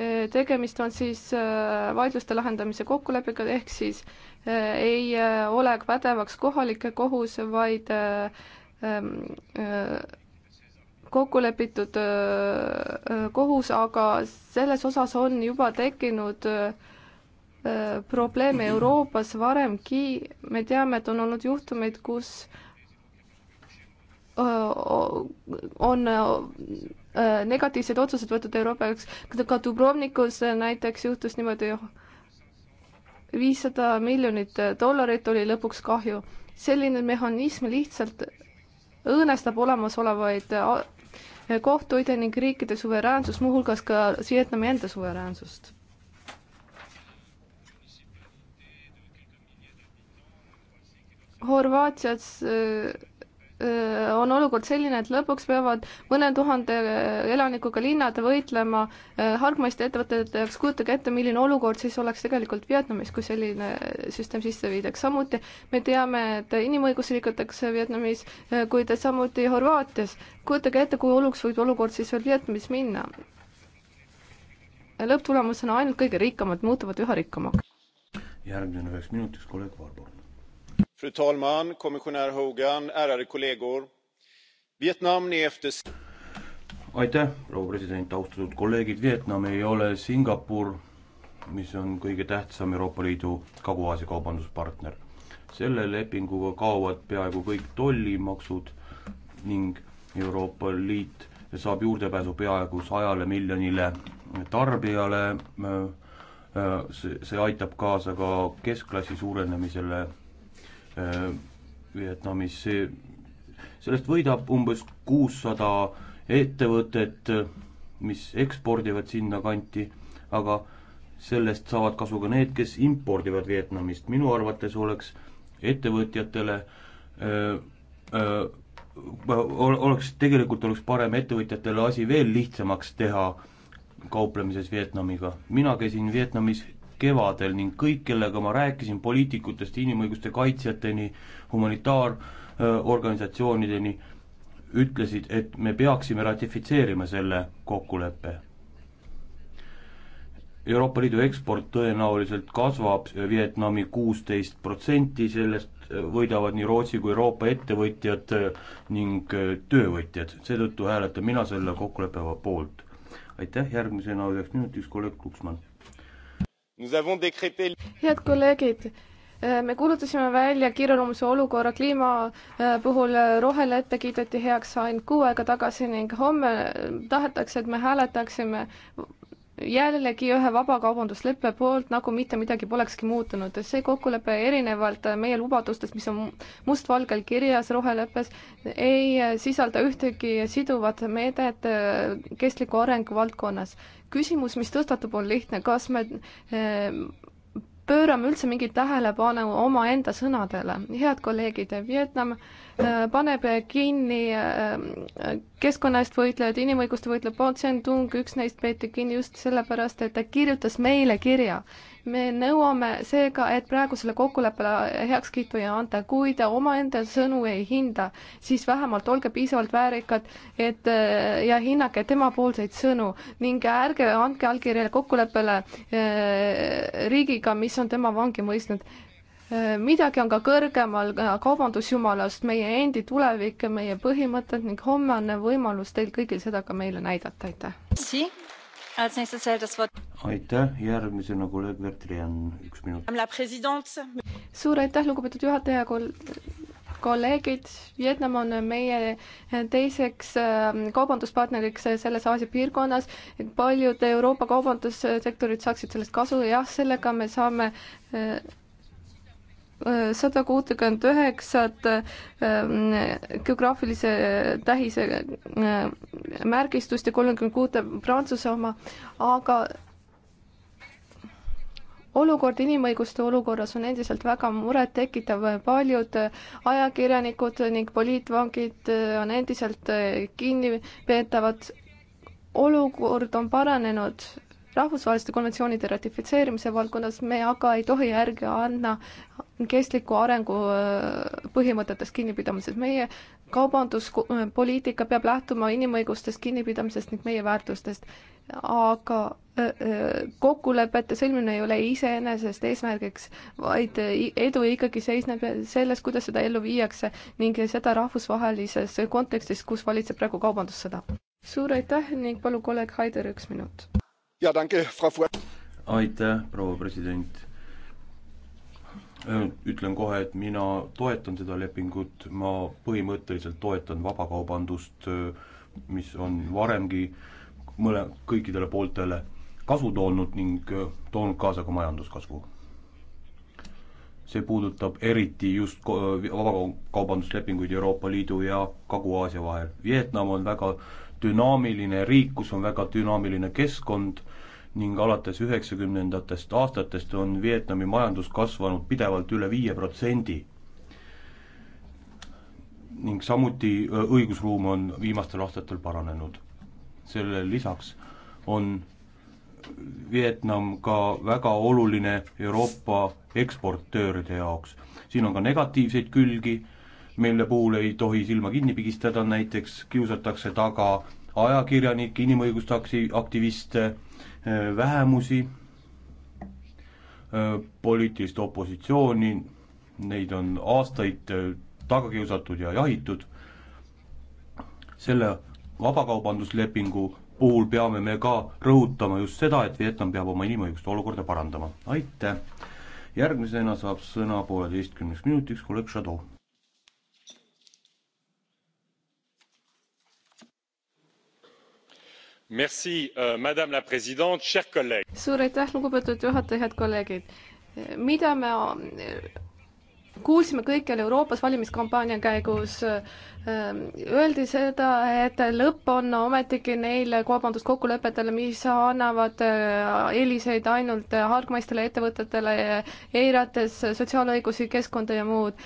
E: äh, tegemist on siis äh, vaidluste lahendamise kokkuleppega, ehk siis ei ole pädevaks kohalike kohus, vaid ähm, kokku lepitud kohus, aga selles osas on juba tekkinud äh, Äh, probleeme Euroopas varemgi, me teame, et on olnud juhtumeid, kus äh, on äh, negatiivsed otsused võetud Euroopa jaoks, ka Dubrovnikus näiteks juhtus niimoodi, viissada miljonit dollarit oli lõpuks kahju. selline mehhanism lihtsalt õõnestab olemasolevaid kohtuid ning riikide suveräänsust, muuhulgas ka Vietnami enda suveräänsust Horvaatias äh, äh, on olukord selline, et lõpuks peavad mõne tuhande elanikuga linnad võitlema äh, hargmaiste ettevõtete jaoks, kujutage ette, milline olukord siis oleks tegelikult Vietnamis, kui selline süsteem sisse viidaks. samuti me teame, et inimõigusi rikutakse Vietnamis, kuid samuti Horvaatias. kujutage ette, kui hulluks võib olukord siis veel Vietnamis minna. lõpptulemusena ainult kõige rikkamad muutuvad üha rikkamaks.
F: järgmine üheks minutiks kolleeg Valdur fru talman! Kommissionär Hogan!
D: Ärade kollegor! Vietnam nii efter...
F: aitäh, proua president, austatud kolleegid, Vietnam ei ole Singapur, mis on kõige tähtsam Euroopa Liidu Kagu-Aasia kaubanduspartner. selle lepinguga kaovad peaaegu kõik tollimaksud ning Euroopa Liit saab juurdepääsu peaaegu sajale miljonile tarbijale, äh, äh, see aitab kaasa ka keskklassi suurenemisele Äh, Vietnamis, see, sellest võidab umbes kuussada ettevõtet, mis ekspordivad sinnakanti, aga sellest saavad kasu ka need, kes impordivad Vietnamist. minu arvates oleks ettevõtjatele öö, äh, öö, äh, oleks, tegelikult oleks parem ettevõtjatele asi veel lihtsamaks teha kauplemises Vietnamiga. mina käisin Vietnamis kevadel ning kõik, kellega ma rääkisin, poliitikutest inimõiguste kaitsjateni, humanitaarorganisatsioonideni, ütlesid, et me peaksime ratifitseerima selle kokkuleppe. Euroopa Liidu eksport tõenäoliselt kasvab Vietnami kuusteist protsenti, sellest võidavad nii Rootsi kui Euroopa ettevõtjad ning töövõtjad, seetõttu hääletan mina selle kokkuleppe poolt. aitäh, järgmisena üheks minutiks kolleeg Luksmann head
E: kolleegid, äh, me kuulutasime välja kiireloomulise olukorra kliima äh, puhul, äh, rohelepe kiideti heaks ainult kuu aega tagasi ning homme tahetakse, et me hääletaksime jällegi ühe vabakaubandusleppe poolt, nagu mitte midagi polekski muutunud. see kokkulepe erinevalt meie lubadustest, mis on mustvalgel kirjas roheleppes, ei sisalda ühtegi siduvat meedet kestliku arengu valdkonnas. küsimus, mis tõstatub, on lihtne, kas me eh, pöörame üldse mingit tähelepanu omaenda sõnadele. head kolleegid, Vietnam äh, paneb kinni äh, keskkonna eest võitlejad, inimõiguste võitlejad, Bo Chen Tung, üks neist peeti kinni just sellepärast, et ta kirjutas meile kirja me nõuame seega, et praegusele kokkuleppele heakskiitu ei anta, kui te omaenda sõnu ei hinda, siis vähemalt olge piisavalt väärikad, et äh, ja hinnake temapoolseid sõnu ning ärge andke allkirjale kokkuleppele äh, riigiga, mis on tema vangi mõistnud äh, midagi on ka kõrgemal kaubandusjumalast, meie endi tulevik ja meie põhimõtted ning homme on võimalus teil kõigil seda ka meile näidata, aitäh!
F: aitäh, järgmisena kolleeg Vertrian, üks
A: minut.
E: suur aitäh, lugupeetud juhataja kol, kolleegid, Vietnam on meie teiseks ähm, kaubanduspartneriks selles Aasia piirkonnas. paljud Euroopa kaubandussektorid saaksid sellest kasu, jah, sellega me saame äh, sada kuutekümmet üheksat ähm, geograafilise tähise äh, märgistust ja kolmekümne kuute Prantsuse oma, aga olukord inimõiguste olukorras on endiselt väga murettekitav, paljud ajakirjanikud ning poliitvangid äh, on endiselt äh, kinnipeetavad. olukord on paranenud rahvusvaheliste konventsioonide ratifitseerimise valdkonnas me aga ei tohi järgi anda kestliku arengu äh, põhimõtetest kinnipidamises. meie kaubanduspoliitika peab lähtuma inimõigustest kinnipidamisest ning meie väärtustest. aga äh, äh, kokkulepete sõlmimine ei ole iseenesest eesmärgiks, vaid edu ikkagi seisneb selles, kuidas seda ellu viiakse ning seda rahvusvahelises kontekstis, kus valitseb praegu kaubandussõda. suur aitäh ning palun kolleeg Haider üks minut
F: aitäh, proua president. Äh, ütlen kohe, et mina toetan seda lepingut, ma põhimõtteliselt toetan vabakaubandust, äh, mis on varemgi mõle, kõikidele pooltele kasu toonud ning äh, toonud kaasa ka majanduskasvu see puudutab eriti just äh, vabakaubanduslepinguid Euroopa Liidu ja Kagu-Aasia vahel. Vietnam on väga dünaamiline riik, kus on väga dünaamiline keskkond ning alates üheksakümnendatest aastatest on Vietnami majandus kasvanud pidevalt üle viie protsendi. ning samuti äh, õigusruum on viimastel aastatel paranenud. selle lisaks on Vietnam ka väga oluline Euroopa eksportööride jaoks. siin on ka negatiivseid külgi, mille puhul ei tohi silma kinni pigistada, näiteks kiusatakse taga ajakirjanikke, inimõiguste akti-, aktiviste, eh, vähemusi, eh, poliitilist opositsiooni, neid on aastaid eh, taga kiusatud ja jahitud, selle vabakaubanduslepingu puhul peame me ka rõhutama just seda, et Vietnam peab oma inimõiguste olukorda parandama. aitäh! järgmisena saab sõna pooleteistkümneks minutiks kolleeg Šado. Merci,
D: euh, madame la présidente, chers collègues.
E: suur aitäh, lugupeetud juhataja, head kolleegid. mida me kuulsime kõikjal Euroopas valimiskampaania käigus, ähm, öeldi seda, et lõpp on ometigi neile kaubanduskokkulepetele, mis annavad äh, eeliseid ainult hargmaistele ettevõtetele, eirates sotsiaalõigusi, keskkonda ja muud.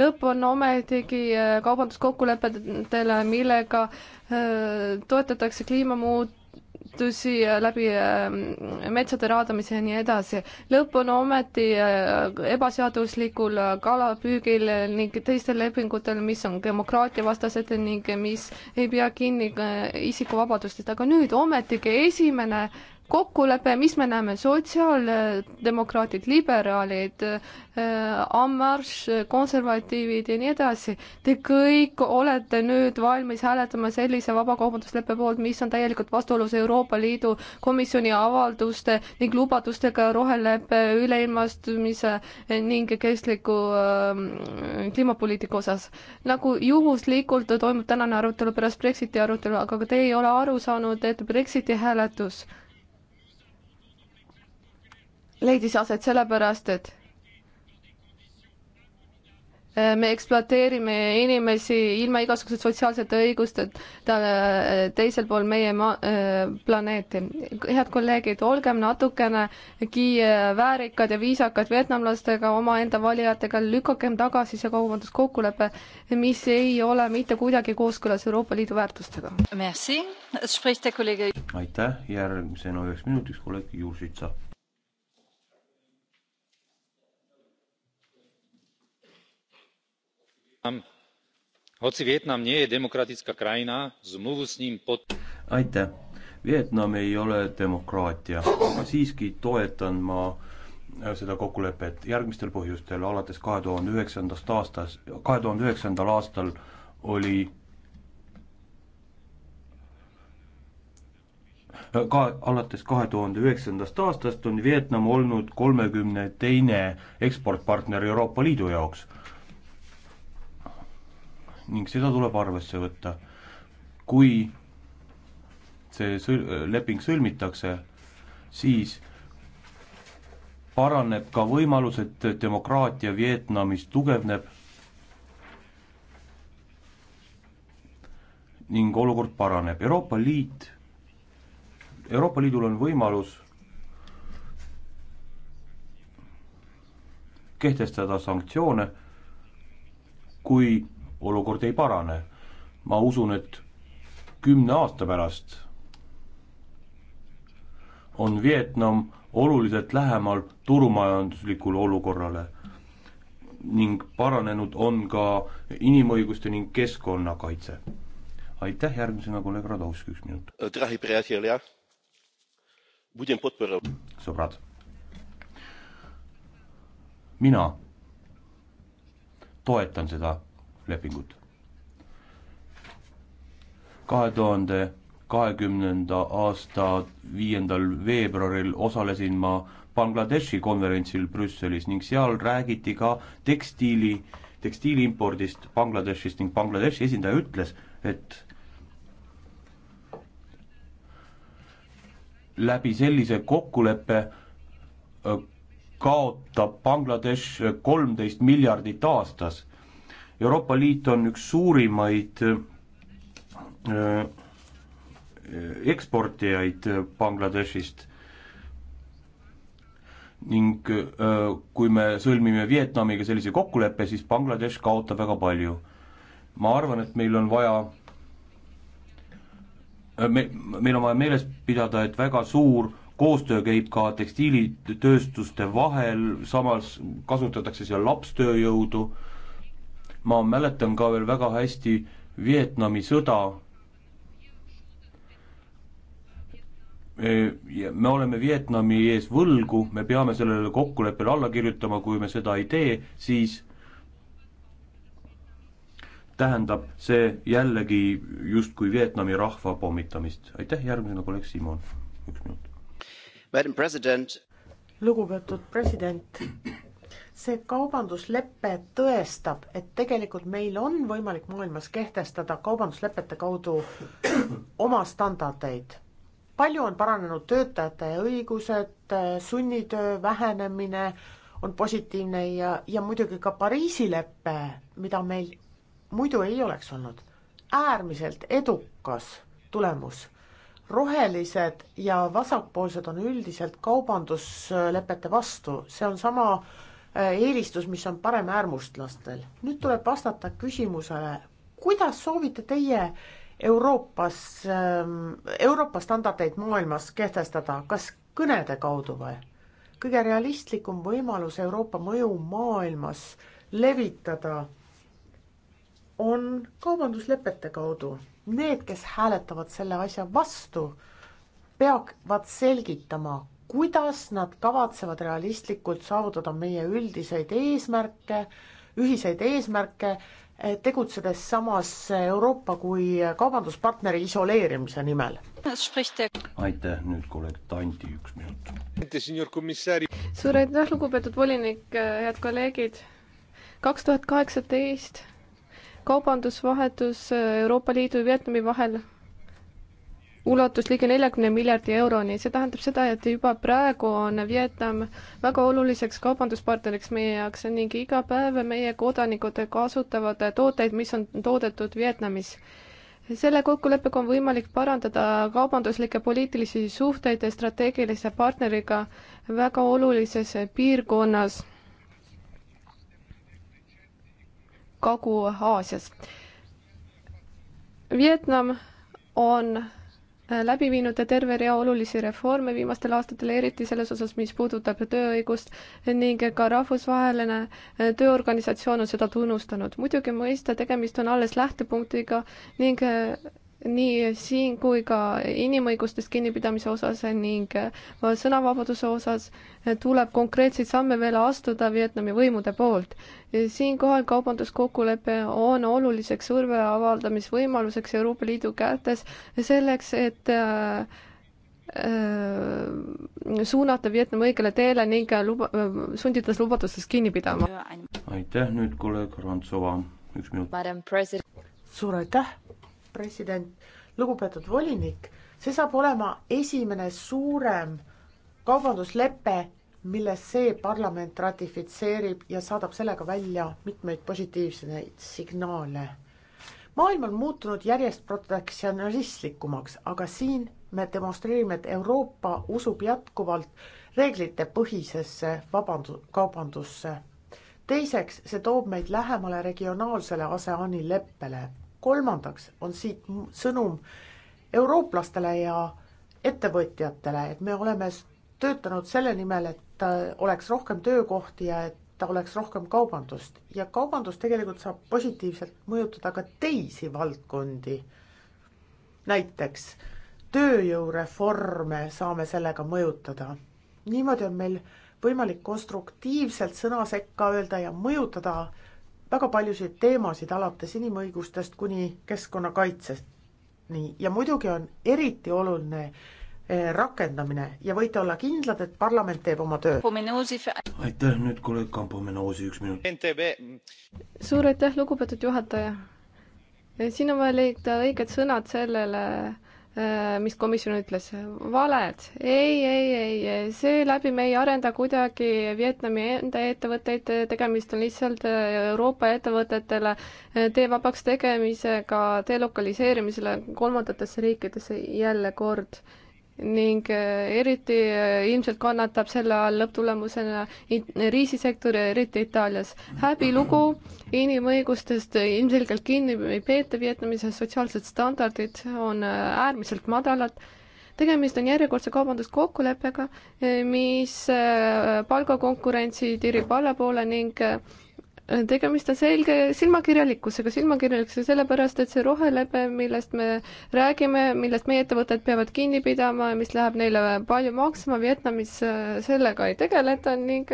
E: lõpp on ometigi äh, kaubanduskokkulepetele, millega äh, toetatakse kliimamuut-, õnnetusi äh, läbi ähm, metsade raadamise ja nii edasi. lõpp on ometi äh, ebaseaduslikul äh, kalapüügil ning teistel lepingutel, mis on demokraatiavastased ning mis ei pea kinni isikuvabadustest, aga nüüd ometigi esimene kokkulepe, mis me näeme, sotsiaaldemokraadid, liberaalid äh,, Ammarš, konservatiivid ja nii edasi, te kõik olete nüüd valmis hääletama sellise vabakaubandusleppe poolt, mis on täielikult vastuolus Euroopa Liidu komisjoni avalduste ning lubadustega roheleppe üleilmastumise ning kestliku äh, kliimapoliitika osas. nagu juhuslikult toimub tänane arutelu pärast Brexiti arutelu, aga ka te ei ole aru saanud, et Brexiti hääletus leidis aset sellepärast, et äh, me ekspluateerime inimesi ilma igasuguse sotsiaalsete õigusteta äh, teisel pool meie maa, äh, planeeti. head kolleegid, olgem natukenegi väärikad ja viisakad vietnamlastega, omaenda valijatega, lükakem tagasi see kaubanduskokkulepe, mis ei ole mitte kuidagi kooskõlas Euroopa Liidu väärtustega.
F: aitäh, järgmisena üheks minutiks kolleeg Jursitsa hoci Vietnam nie je demokratická krajina, zmluvu s ním pot-. aitäh. Vietnam ei ole demokraatia, aga siiski toetan ma äh, seda kokkulepet järgmistel põhjustel, alates kahe tuhande üheksandast aastast, kahe tuhande üheksandal aastal oli äh, ka alates kahe tuhande üheksandast aastast on Vietnam olnud kolmekümne teine eksportpartner Euroopa Liidu jaoks ning seda tuleb arvesse võtta. kui see sõl-, leping sõlmitakse, siis paraneb ka võimalus, et demokraatia Vietnamis tugevneb ning olukord paraneb. Euroopa Liit, Euroopa Liidul on võimalus kehtestada sanktsioone, kui olukord ei parane. ma usun, et kümne aasta pärast on Vietnam oluliselt lähemal turumajanduslikule olukorrale ning paranenud on ka inimõiguste ning keskkonnakaitse. aitäh, järgmisena kolleeg Radovski, üks minut. sõbrad, mina toetan seda lepingut. kahe tuhande kahekümnenda aasta viiendal veebruaril osalesin ma Bangladeshi konverentsil Brüsselis ning seal räägiti ka tekstiili, tekstiiliimpordist Bangladeshist ning Bangladeshi esindaja ütles, et läbi sellise kokkuleppe äh, kaotab Bangladesh äh, kolmteist miljardit aastas Euroopa Liit on üks suurimaid äh, eksportijaid Bangladeshist ning äh, kui me sõlmime Vietnamiga sellise kokkuleppe, siis Bangladesh kaotab väga palju. ma arvan, et meil on vaja äh, me, meil on vaja meeles pidada, et väga suur koostöö käib ka tekstiilitööstuste vahel, samas kasutatakse seal lapstööjõudu äh,, ma mäletan ka veel väga hästi Vietnami sõda. E, me oleme Vietnami ees võlgu, me peame sellele kokkuleppele alla kirjutama, kui me seda ei tee, siis tähendab see jällegi justkui Vietnami rahva pommitamist. aitäh, järgmisena kolleeg Simon, üks minut.
D: lugupeetud president see kaubanduslepe tõestab, et tegelikult meil on võimalik maailmas kehtestada kaubanduslepete kaudu oma standardeid. palju on paranenud töötajate õigused, sunnitöö vähenemine on positiivne ja, ja muidugi ka Pariisi lepe, mida meil muidu ei oleks olnud, äärmiselt edukas tulemus rohelised ja vasakpoolsed on üldiselt kaubanduslepete vastu, see on sama äh, Äh, eelistus, mis on paremäärmustlastel. nüüd tuleb vastata küsimusele, kuidas soovite teie Euroopas, ähm, Euroopa standardeid maailmas kehtestada, kas kõnede kaudu või? kõige realistlikum võimalus Euroopa mõju maailmas levitada on kaubanduslepete kaudu. Need, kes hääletavad selle asja vastu, peavad selgitama, kuidas nad kavatsevad realistlikult saavutada meie üldiseid eesmärke, ühiseid eesmärke, eh, tegutsedes samas Euroopa kui kaubanduspartneri isoleerimise nimel.
F: aitäh, nüüd kolleeg Tandi, üks minut.
E: suur aitäh, lugupeetud volinik, head kolleegid. kaks tuhat kaheksateist kaubandusvahetus Euroopa Liidu ja Vietnami vahel ulatus ligi neljakümne miljardi euroni, see tähendab seda, et juba praegu on Vietnam väga oluliseks kaubanduspartneriks meie jaoks ning iga päev meie kodanikud kasutavad tooteid, mis on toodetud Vietnamis. selle kokkuleppega on võimalik parandada kaubanduslikke poliitilisi suhteid strateegilise partneriga väga olulises piirkonnas Kagu-Aasias. Vietnam on Äh, läbi viinud terve rea olulisi reforme viimastel aastatel, eriti selles osas, mis puudutab tööõigust ning ka rahvusvaheline äh, tööorganisatsioon on seda tunnustanud. muidugi mõista, tegemist on alles lähtepunktiga ning äh, nii siin kui ka inimõigustest kinnipidamise osas ning äh, sõnavabaduse osas äh, tuleb konkreetseid samme veel astuda Vietnami võimude poolt. Äh, siinkohal kaubanduskokkulepe on oluliseks surve avaldamisvõimaluseks Euroopa Liidu kätes selleks, et suunata Vietnami õigele teele ning luba, sundides
D: lubadustest kinni pidama.
F: aitäh nüüd kolleeg Rantsova, üks minut.
D: suur aitäh president, lugupeetud volinik, see saab olema esimene suurem kaubanduslepe, mille see parlament ratifitseerib ja saadab sellega välja mitmeid positiivseid signaale. maailm on muutunud järjest protektsionalistlikumaks, aga siin me demonstreerime, et Euroopa usub jätkuvalt reeglitepõhisesse vabandu-, kaubandusse. teiseks, see toob meid lähemale regionaalsele ASEAN-i leppele kolmandaks on siit sõnum eurooplastele ja ettevõtjatele, et me oleme töötanud selle nimel, et oleks rohkem töökohti ja et oleks rohkem kaubandust ja kaubandus tegelikult saab positiivselt mõjutada ka teisi valdkondi. näiteks tööjõureforme saame sellega mõjutada. niimoodi on meil võimalik konstruktiivselt sõna sekka öelda ja mõjutada väga paljusid teemasid, alates inimõigustest kuni keskkonnakaitseni ja muidugi on eriti oluline eh, rakendamine ja võite olla kindlad, et parlament teeb oma töö.
A: aitäh,
F: nüüd kolleeg Kampo Menoosi, üks minut.
E: suur aitäh, lugupeetud juhataja. siin on vaja leida õiged sõnad sellele Äh, mis komisjon ütles, valed, ei, ei, ei, seeläbi me ei arenda kuidagi Vietnami enda ettevõtteid, tegemist on lihtsalt äh, Euroopa ettevõtetele äh, tee vabaks tegemisega, delokaliseerimisele kolmandatesse riikidesse jälle kord äh, ning äh, eriti äh, ilmselt kannatab selle all lõpptulemusena riisisektor ja eriti Itaalias. häbilugu inimõigustest ilmselgelt kinni ei peeta Vietnamis ja sotsiaalsed standardid on äh, äärmiselt madalad. tegemist on järjekordse kaubanduskokkuleppega, mis palgakonkurentsi tirib allapoole ning tegemist on selge silmakirjalikkusega, silmakirjalikkusega sellepärast, et see rohelepe, millest me räägime, millest meie ettevõtted peavad kinni pidama ja mis läheb neile palju maksma, Vietnamis sellega ei tegeleta ning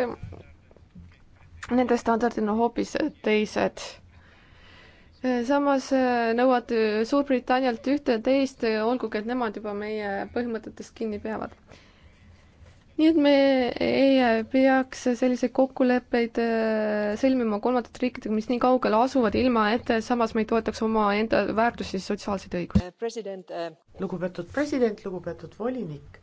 E: nende standardid on hoopis teised. samas nõuad Suurbritannialt ühte-teist, olgugi et nemad juba meie põhimõtetest kinni peavad nii et me ei peaks selliseid kokkuleppeid äh, sõlmima kolmandate riikidega, mis nii kaugel asuvad, ilma et samas me ei toetaks
D: omaenda väärtusi, sotsiaalseid õigusi. Äh, äh, lugupeetud president, lugupeetud volinik,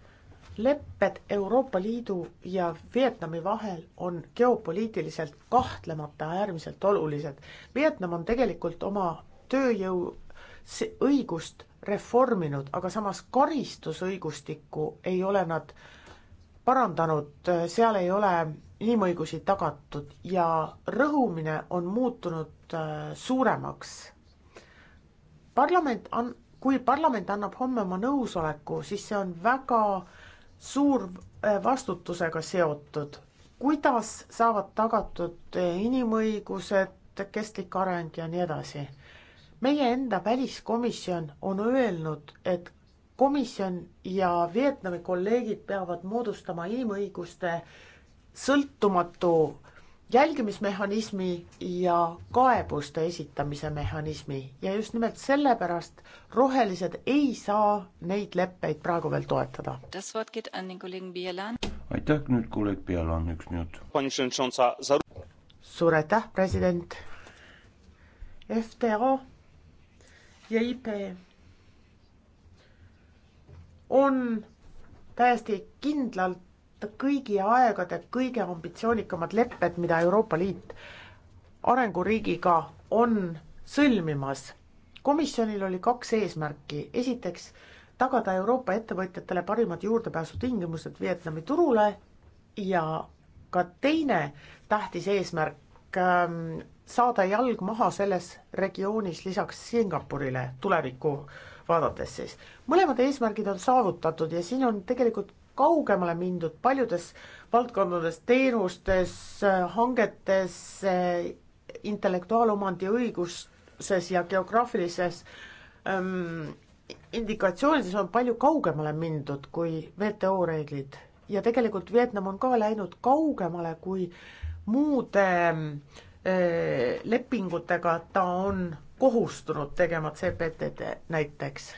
D: lepped Euroopa Liidu ja Vietnami vahel on geopoliitiliselt kahtlemata äärmiselt olulised. Vietnam on tegelikult oma tööjõu õigust reforminud, aga samas karistusõigustikku ei ole nad parandanud, seal ei ole inimõigusi tagatud ja rõhumine on muutunud äh, suuremaks. parlament on, kui parlament annab homme oma nõusoleku, siis see on väga suur äh, vastutusega seotud. kuidas saavad tagatud äh, inimõigused, kestlik areng ja nii edasi? meie enda väliskomisjon on öelnud, et komisjon ja Vietnami kolleegid peavad moodustama inimõiguste sõltumatu jälgimismehhanismi ja kaebuste esitamise mehhanismi ja just nimelt sellepärast rohelised ei saa neid leppeid praegu veel toetada.
F: aitäh, nüüd kolleeg Bielan, üks minut.
D: suur aitäh, president. FTA ja IP on täiesti kindlalt kõigi aegade kõige ambitsioonikamad lepped, mida Euroopa Liit arenguriigiga on sõlmimas. komisjonil oli kaks eesmärki, esiteks tagada Euroopa ettevõtjatele parimad juurdepääsutingimused Vietnami turule ja ka teine tähtis eesmärk ähm, saada jalg maha selles regioonis lisaks Singapurile tuleviku vaadates siis. mõlemad eesmärgid on saavutatud ja siin on tegelikult kaugemale mindud paljudes valdkondades, teenustes, hangetes, intellektuaalomandi õiguses ja geograafilises ähm, indikatsioonides on palju kaugemale mindud kui WTO reeglid ja tegelikult Vietnam on ka läinud kaugemale kui muude äh, lepingutega ta on kohustunud tegema CPT-d näiteks.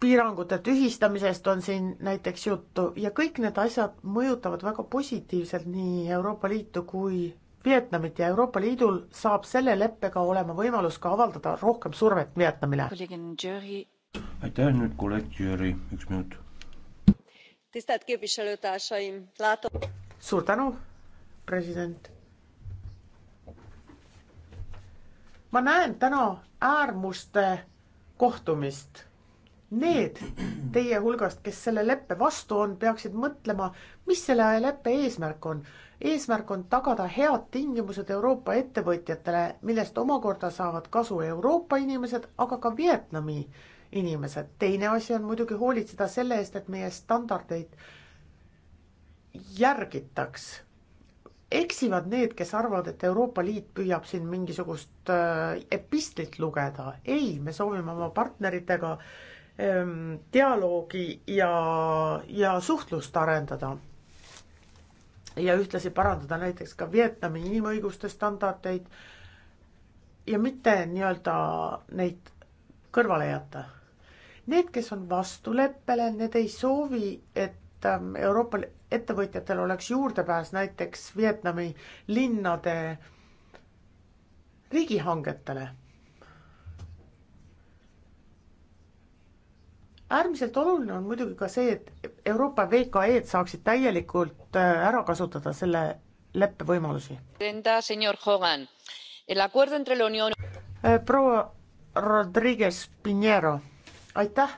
D: piirangute tühistamisest on siin näiteks juttu ja kõik need asjad mõjutavad väga positiivselt nii Euroopa Liitu kui Vietnamit ja Euroopa Liidul saab selle leppega olema võimalus ka avaldada rohkem survet Vietnamile.
F: aitäh, nüüd kolleeg Jüri, üks minut. suur
D: tänu, president ma näen täna äärmuste kohtumist. Need teie hulgast, kes selle leppe vastu on, peaksid mõtlema, mis selle leppe eesmärk on. eesmärk on tagada head tingimused Euroopa ettevõtjatele, millest omakorda saavad kasu Euroopa inimesed, aga ka Vietnami inimesed. teine asi on muidugi hoolitseda selle eest, et meie standardeid järgitaks eksivad need, kes arvavad, et Euroopa Liit püüab siin mingisugust äh, epistlit lugeda. ei, me soovime oma partneritega ähm, dialoogi ja, ja suhtlust arendada. ja ühtlasi parandada näiteks ka Vietnami inimõiguste standardeid ja mitte nii-öelda neid kõrvale jätta. Need, kes on vastu leppele, need ei soovi, et ähm, Euroopa ettevõtjatel oleks juurdepääs näiteks Vietnami linnade riigihangetele. äärmiselt oluline on muidugi ka see, et Euroopa VKE-d saaksid täielikult äh, ära kasutada selle leppe võimalusi. Äh, proua Rodriguez Pinheiro, aitäh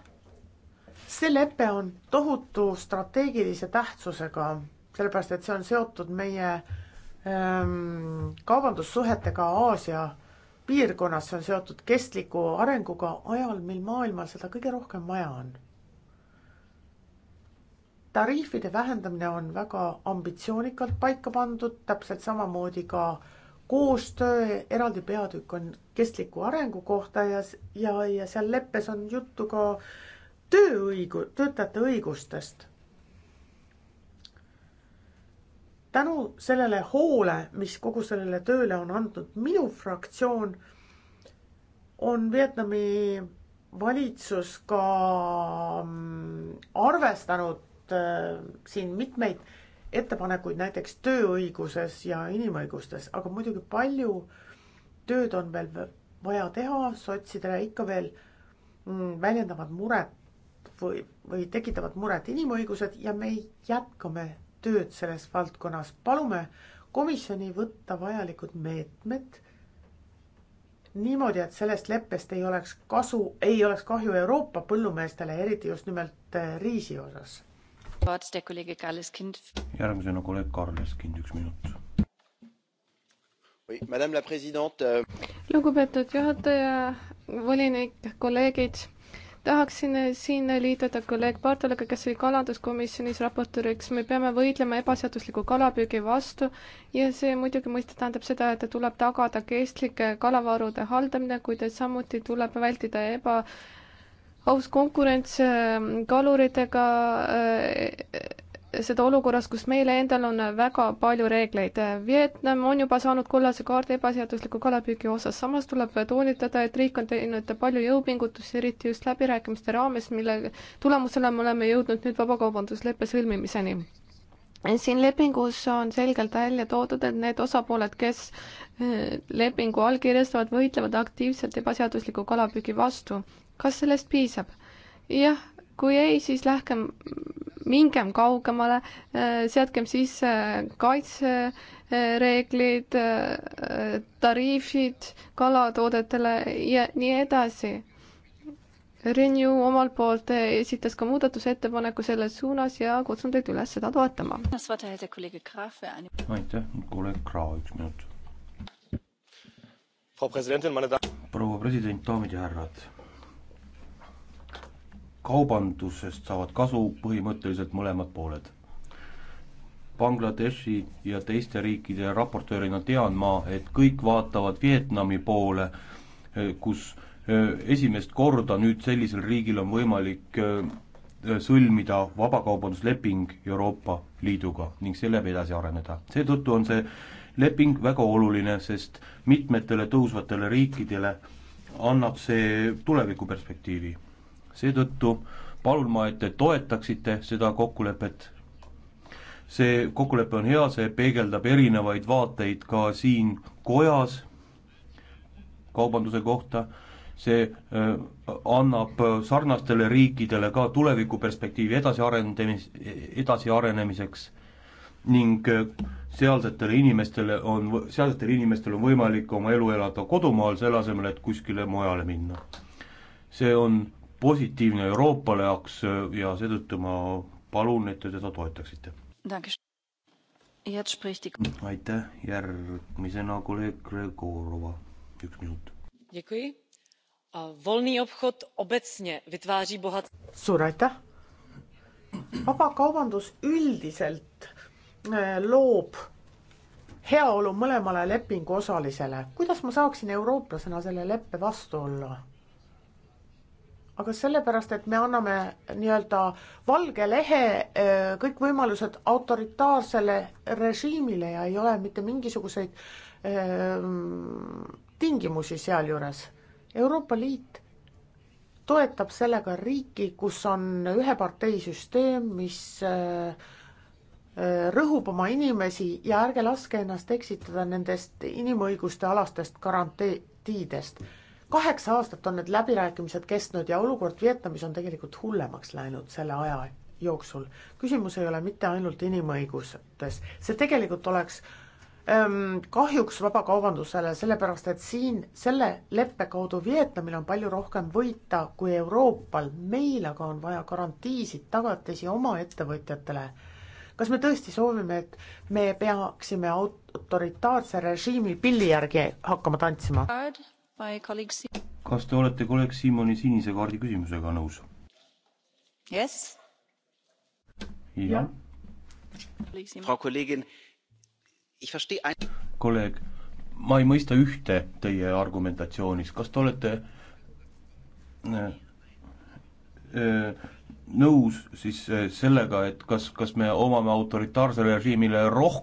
D: see lepe on tohutu strateegilise tähtsusega, sellepärast et see on seotud meie ähm, kaubandussuhetega Aasia piirkonnas, see on seotud kestliku arenguga ajal, mil maailmal seda kõige rohkem vaja on. tariifide vähendamine on väga ambitsioonikalt paika pandud, täpselt samamoodi ka koostöö eraldi peatükk on kestliku arengu kohta ja, ja, ja seal leppes on juttu ka äh, tööõigu-, töötajate õigustest. tänu sellele hoole, mis kogu sellele tööle on andnud minu fraktsioon, on Vietnami valitsus ka mm, arvestanud äh, siin mitmeid ettepanekuid näiteks tööõiguses ja inimõigustes, aga muidugi palju tööd on veel vaja teha, sotsidele ikka veel mm, väljendavad muret või, või tekitavad muret inimõigused ja me jätkame tööd selles valdkonnas. palume komisjoni võtta vajalikud meetmed niimoodi, et sellest leppest ei oleks kasu, ei oleks kahju Euroopa põllumeestele, eriti just nimelt äh, riisi osas.
F: järgmisena kolleeg Karles Kind, üks minut oui,.
D: Euh
E: lugupeetud juhataja, volinik, kolleegid tahaksin siin liituda kolleeg Bartolega, kes oli kalanduskomisjonis raportööriks, me peame võidlema ebaseadusliku kalapüügi vastu ja see muidugi mõiste tähendab seda, et tuleb tagada kestlike kalavarude haldamine, kuid samuti tuleb vältida eba aus konkurents kaluritega seda olukorras, kus meile endal on väga palju reegleid. Vietnam on juba saanud kollase kaardi ebaseadusliku kalapüügi osas, samas tuleb toonitada, et riik on teinud palju jõupingutusi, eriti just läbirääkimiste raames, mille tulemusena me oleme jõudnud nüüd vabakaubandusleppe sõlmimiseni. siin lepingus on selgelt välja toodud, et need osapooled, kes eh, lepingu allkirjastavad, võitlevad aktiivselt ebaseadusliku kalapüügi vastu. kas sellest piisab? jah, kui ei, siis lähkem mingem kaugemale, äh, seadkem sisse äh, kaitsereeglid, äh, tariifid kalatoodetele ja nii edasi. Renew omalt poolt esitas ka muudatusettepaneku selles suunas ja kutsun teid üles seda toetama.
F: aitäh, kolleeg Krahv, üks minut. proua president, daamid ja härrad kaubandusest saavad kasu põhimõtteliselt mõlemad pooled. Bangladeshi ja teiste riikide raportöörina tean ma, et kõik vaatavad Vietnami poole, kus esimest korda nüüd sellisel riigil on võimalik sõlmida vabakaubandusleping Euroopa Liiduga ning selle läbi edasi areneda. seetõttu on see leping väga oluline, sest mitmetele tõusvatele riikidele annab see tulevikuperspektiivi seetõttu palun ma, et te toetaksite seda kokkulepet. see kokkulepe on hea, see peegeldab erinevaid vaateid ka siin kojas kaubanduse kohta, see äh, annab sarnastele riikidele ka tulevikuperspektiivi edasiarendamis, edasiarenemiseks ning äh, sealsetele inimestele on, sealsetel inimestel on võimalik oma elu elada kodumaal, selle asemel, et kuskile mujale minna. see on positiivne Euroopale jaoks äh, ja seetõttu ma palun, et te teda toetaksite. aitäh, järgmisena kolleeg Gregorova, üks
B: minut. Volný obchod obecně vytváří bohat...
F: Suur
D: aitäh! vabakaubandus üldiselt äh, loob heaolu mõlemale lepingu osalisele. kuidas ma saaksin eurooplasena selle leppe vastu olla? aga sellepärast, et me anname nii-öelda valge lehe äh, kõik võimalused autoritaarsele režiimile ja ei ole mitte mingisuguseid ähm, tingimusi sealjuures. Euroopa Liit toetab sellega riiki, kus on üheparteisüsteem, mis äh, äh, rõhub oma inimesi ja ärge laske ennast eksitada nendest inimõiguste alastest garantiidest kaheksa aastat on need läbirääkimised kestnud ja olukord Vietnamis on tegelikult hullemaks läinud selle aja jooksul. küsimus ei ole mitte ainult inimõigustes, see tegelikult oleks ähm, kahjuks vabakaubandusele, sellepärast et siin selle leppe kaudu Vietnamil on palju rohkem võita kui Euroopal, meil aga on vaja garantiisid, tagatisi oma ettevõtjatele kas me tõesti soovime, et me peaksime autoritaarse režiimi pilli järgi hakkama tantsima?
F: kas te olete kolleeg Siimoni sinise kaardi küsimusega nõus? Yes. jah. kolleeg, ma ei mõista ühte teie argumentatsioonis, kas te olete äh, äh, nõus siis äh, sellega, et kas, kas me omame autoritaarsele režiimile rohkem